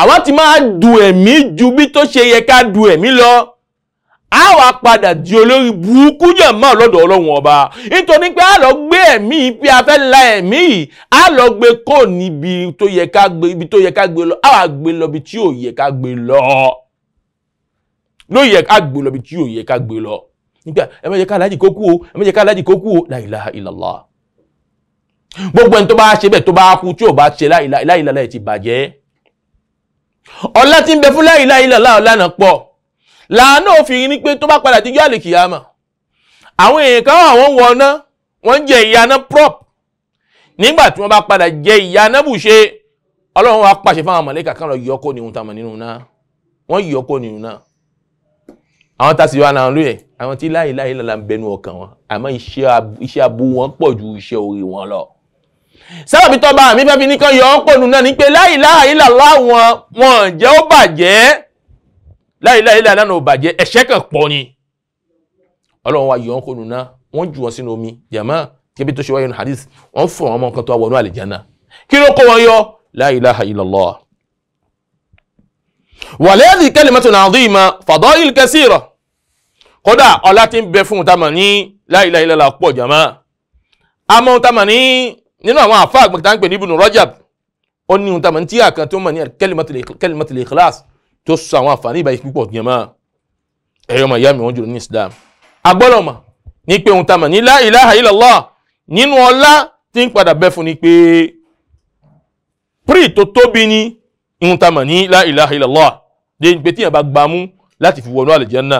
àwa ti máa du ẹ̀mí ju bí tó ṣe yẹ ká du ẹ̀mí lọ a wá padà di olórí burúkú yàn mọ́ lọ́dọ̀ ọlọ́run ọba nítorí pé a lọ gbé ẹ̀mí pé a fẹ́ la ẹ̀mí yìí a lọ gbé kó níbi tó yẹ ká gbé ibi tó yẹ ká gbé lọ a wá gbé lọ ibi tí ò yẹ ká gbé lọ ló yẹ ká gbé lọ ibi tí ò yẹ ká gbé lọ nígbà ẹ má jẹ́ ká aláàjì kó kú o ẹ má jẹ́ ká aláàjì kó kú o la ilaha illallah gbogbo ẹni tó bá ṣe bẹ́ẹ̀ tó bá kú tí ò bá ṣe la ilaha illallah ẹ̀ ti bàjẹ́ ọlá ti ń bẹ fún la ilaha illallah ọlá náà pọ̀ làánà òfin ni pé tó bá padà díjọ́ àlèkìyàmà àwọn èèyàn kan wà wọ́n wọná wọ́n jẹ ìyáná prop nígbà tí wọ́n bá padà jẹ ìyáná bùṣe ọlọ́run wa pàṣẹ fáwọn mọ̀lẹ́kà kan lọ yọkó ní ohun tamọ̀ nínú náà wọ́n yọkó nínú náà àwọn tá a sì wá náà lóye àwọn tí láyé láyé lọ́la ń bẹnu ọkàn wọn àmọ́ iṣẹ́ abu wọn pọ̀ ju iṣẹ́ orí wọn lọ sábàbí tọ́ba àmì fẹ́ fi nìkan yọ ọ́ pọ̀ nù náà ní pé láyé láyé lọ́la wọn wọn jẹ́ ó bàjẹ́ la ilaha illa allah no bàjẹ́ ẹ̀ṣẹ̀ kan pọ̀ ni ọlọ́run wa yọ̀ kò nùnà wọ́n jù wọ́n sínú omi jàmá kébí tó ṣe wa nu hadith wọ́n fo won mo kan tó wọnú àlìjánà kí ló kó wọn yọ láìláha illallah wàlẹ́ẹ̀dì kalimatun azima fadail kaseera kódà ọlá ti ń bẹ fún tamà ní láìláha illallah pọ̀ jàmá àmọ́ tamà ní nínú àwọn àfáà gbọ̀ngàn pè ní ibùnú Rajab ó ní tamà ní tíyà kan tó mọ̀ ní kalimatul ikhlas tó sọ àwọn àǹfààní ìbáyìí púpọ̀ yẹn mọ́ ẹ̀yọ́ ọmọ ìyá mi wọ́n jùlọ ní Islam agbọ́dọ̀ mọ̀ ní pé ohun tá a mọ̀ ní la ilaha illallah nínú ọlá tí ń padà bẹ́ fún ni pé pírì tó tóbi ní ohun tá a mọ̀ ní la ilaha illallah dé pé tíyẹn bá gbámú láti fi wọnú àlùjánnà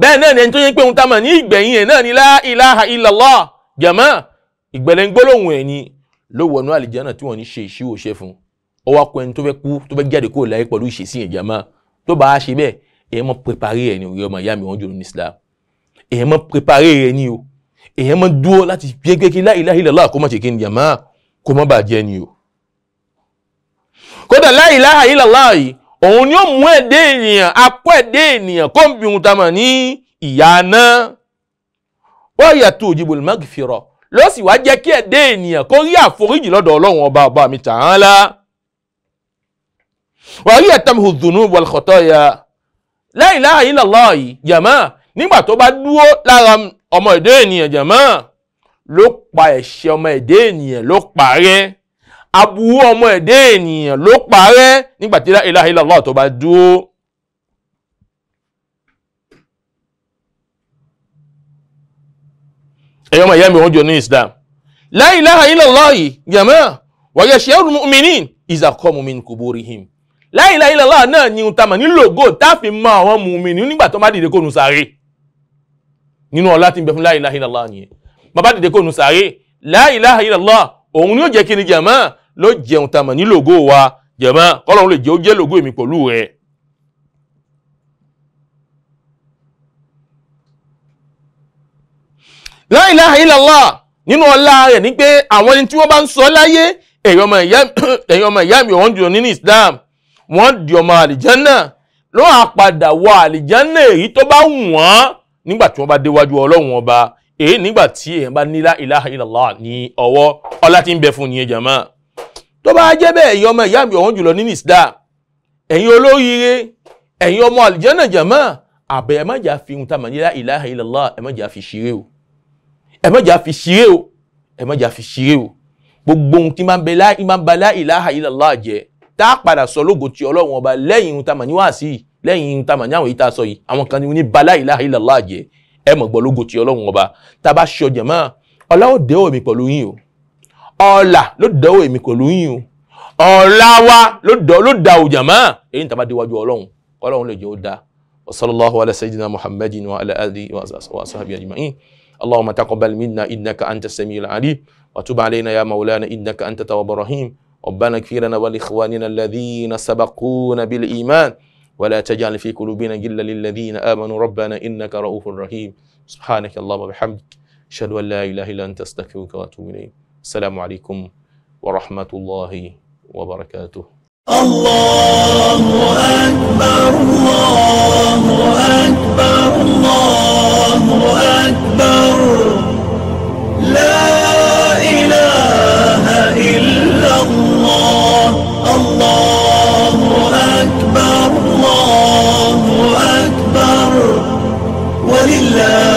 bẹ́ẹ̀ náà ni ẹni tó yẹ pé ohun tá mọ̀ ní ìgbẹ̀yìn ẹ̀ náà ni la ilaha illallah jàmá ẹ̀ ni ló wọnú àlùjánnà tí wọ́n ní ṣe ìṣíwò ṣe fún un ó wá kó ẹni tó fẹ́ kú tó fẹ́ jáde kúrò láyé pẹ̀lú ìṣesí yẹn jàmá tó bá a ṣe bẹ́ẹ̀ èèyàn mọ̀ pẹ́parẹ́ ẹ̀ ní orí ọmọ ìyá mi wọ́n jòló ní Islam èèyàn mọ̀ pẹ́parẹ́ ẹ̀ ní o èèyàn mọ̀ dúró láti gbégbé kí la ilaha illallah kó má ṣe kí ni jàmá kó má bàjẹ́ ni o. kódà la ilaha illallah yìí òun ni ó mú ẹ̀dẹ́ ènìyàn akọ ẹ̀dẹ́ ènìyàn kó ń bi ohun tamọ̀ ní ìyá náà wọ́n yàtọ̀ òjìbò lè má gìfìrọ̀ ló sì wá jẹ́ kí ẹ̀dẹ́ ènìyàn kó rí àforíjì lọ́dọ̀ ọlọ́run ọba ọba mi tàn án lá wa hiya tamhu dhunub wal khataya la ilaha illallah jàmọ́ nígbà tó bá dúró lára ọmọ èdè ènìyàn jàmọ́ ló pa ẹ̀ṣẹ̀ ọmọ èdè ènìyàn ló parẹ́ aburú ọmọ èdè ènìyàn ló parẹ́ nígbà tí la ilaha illallah tó bá dúró. ẹ̀yọ́ ọmọ ìyá mi òun jò ní Islam la ilaha illallah jàmọ́ wa yash'arul mu'minin la ilaha illallah náà ni ohun tamọ̀ nílò go táàfin mọ àwọn mùmìnì nígbà tó bá dìde kó nu sáré nínú ọlá tí ń bẹ fún la ilaha illallah nìyẹn bàbá dìde kó nu sáré la ilaha illallah òun ni ó jẹ́ kí ni jẹ̀mọ́ ló jẹun tamọ̀ nílò go wa jẹ̀mọ́ kọ́lọ́run lè jẹ́ ó jẹ́ lògo èmi pẹ̀lú rẹ̀. la ilaha illallah nínú ọlá rẹ̀ ni pé àwọn ẹni tí wọ́n bá ń sọ láyé ẹ̀yin ìyá mi ọ̀hún *coughs* jùlọ nínú Islam wọ́n di ọmọ àlìjánà ló á padà wọ àlìjánà èyí tó bá wù wọ́n nígbà tí wọ́n bá déwájú ọlọ́run ọba èyí nígbà tí èèyàn bá ní ilaha illallah ní ọwọ́ ọlá tí ń bẹ fún nìyẹn jàmá tó bá jẹ́ bẹ́ẹ̀ ẹ̀yin ọmọ ìyá mi ọ̀hún jùlọ nínú ìsìdá ẹ̀yin olóríire ẹ̀yin ọmọ àlìjánà jàmá àbẹ̀ ẹ̀ má fi ohun tá a ilaha illallah ẹ̀ má fi ṣeré o ẹ̀ má fi ṣeré o ẹ̀ má fi ṣeré o gbogbo ohun tí máa ń ba la ilaha illallah jẹ́ tá a padà sọ lógo ti ọlọ́run ọba lẹ́yìn ohun tá a mọ̀ ní wáàsí yìí lẹ́yìn ohun tá a mọ̀ ní àwọn èyí tá a sọ yìí àwọn kan ní bala ilaha illallah jẹ́ ẹ mọ̀ gbọ́ lógo ti ọlọ́run ọba tá a bá ṣe ọjà mọ́ ọlá ó dẹ́wọ̀ mi pẹ̀lú yín o ọlà ló dẹ́wọ̀ mi pẹ̀lú yín o ọ̀la wa ló da òjà mọ́ èyí tá a bá déwájú ọlọ́run ọlọ́run lè jẹ́ ó da wasallallahu ala sayyidina muhammadin wa ala alihi wa sahbihi ajma'in اللهم تقبل منا انك ربنا اغفر لنا ولإخواننا الذين سبقونا بالإيمان ولا تجعل في قلوبنا غلا للذين آمنوا ربنا إنك رؤوف رحيم سبحانك اللهم وبحمدك أشهد أن لا إله إلا أنت أستغفرك وأتوب إليك السلام عليكم ورحمة الله وبركاته الله أكبر الله أكبر الله أكبر لا الله الله أكبر الله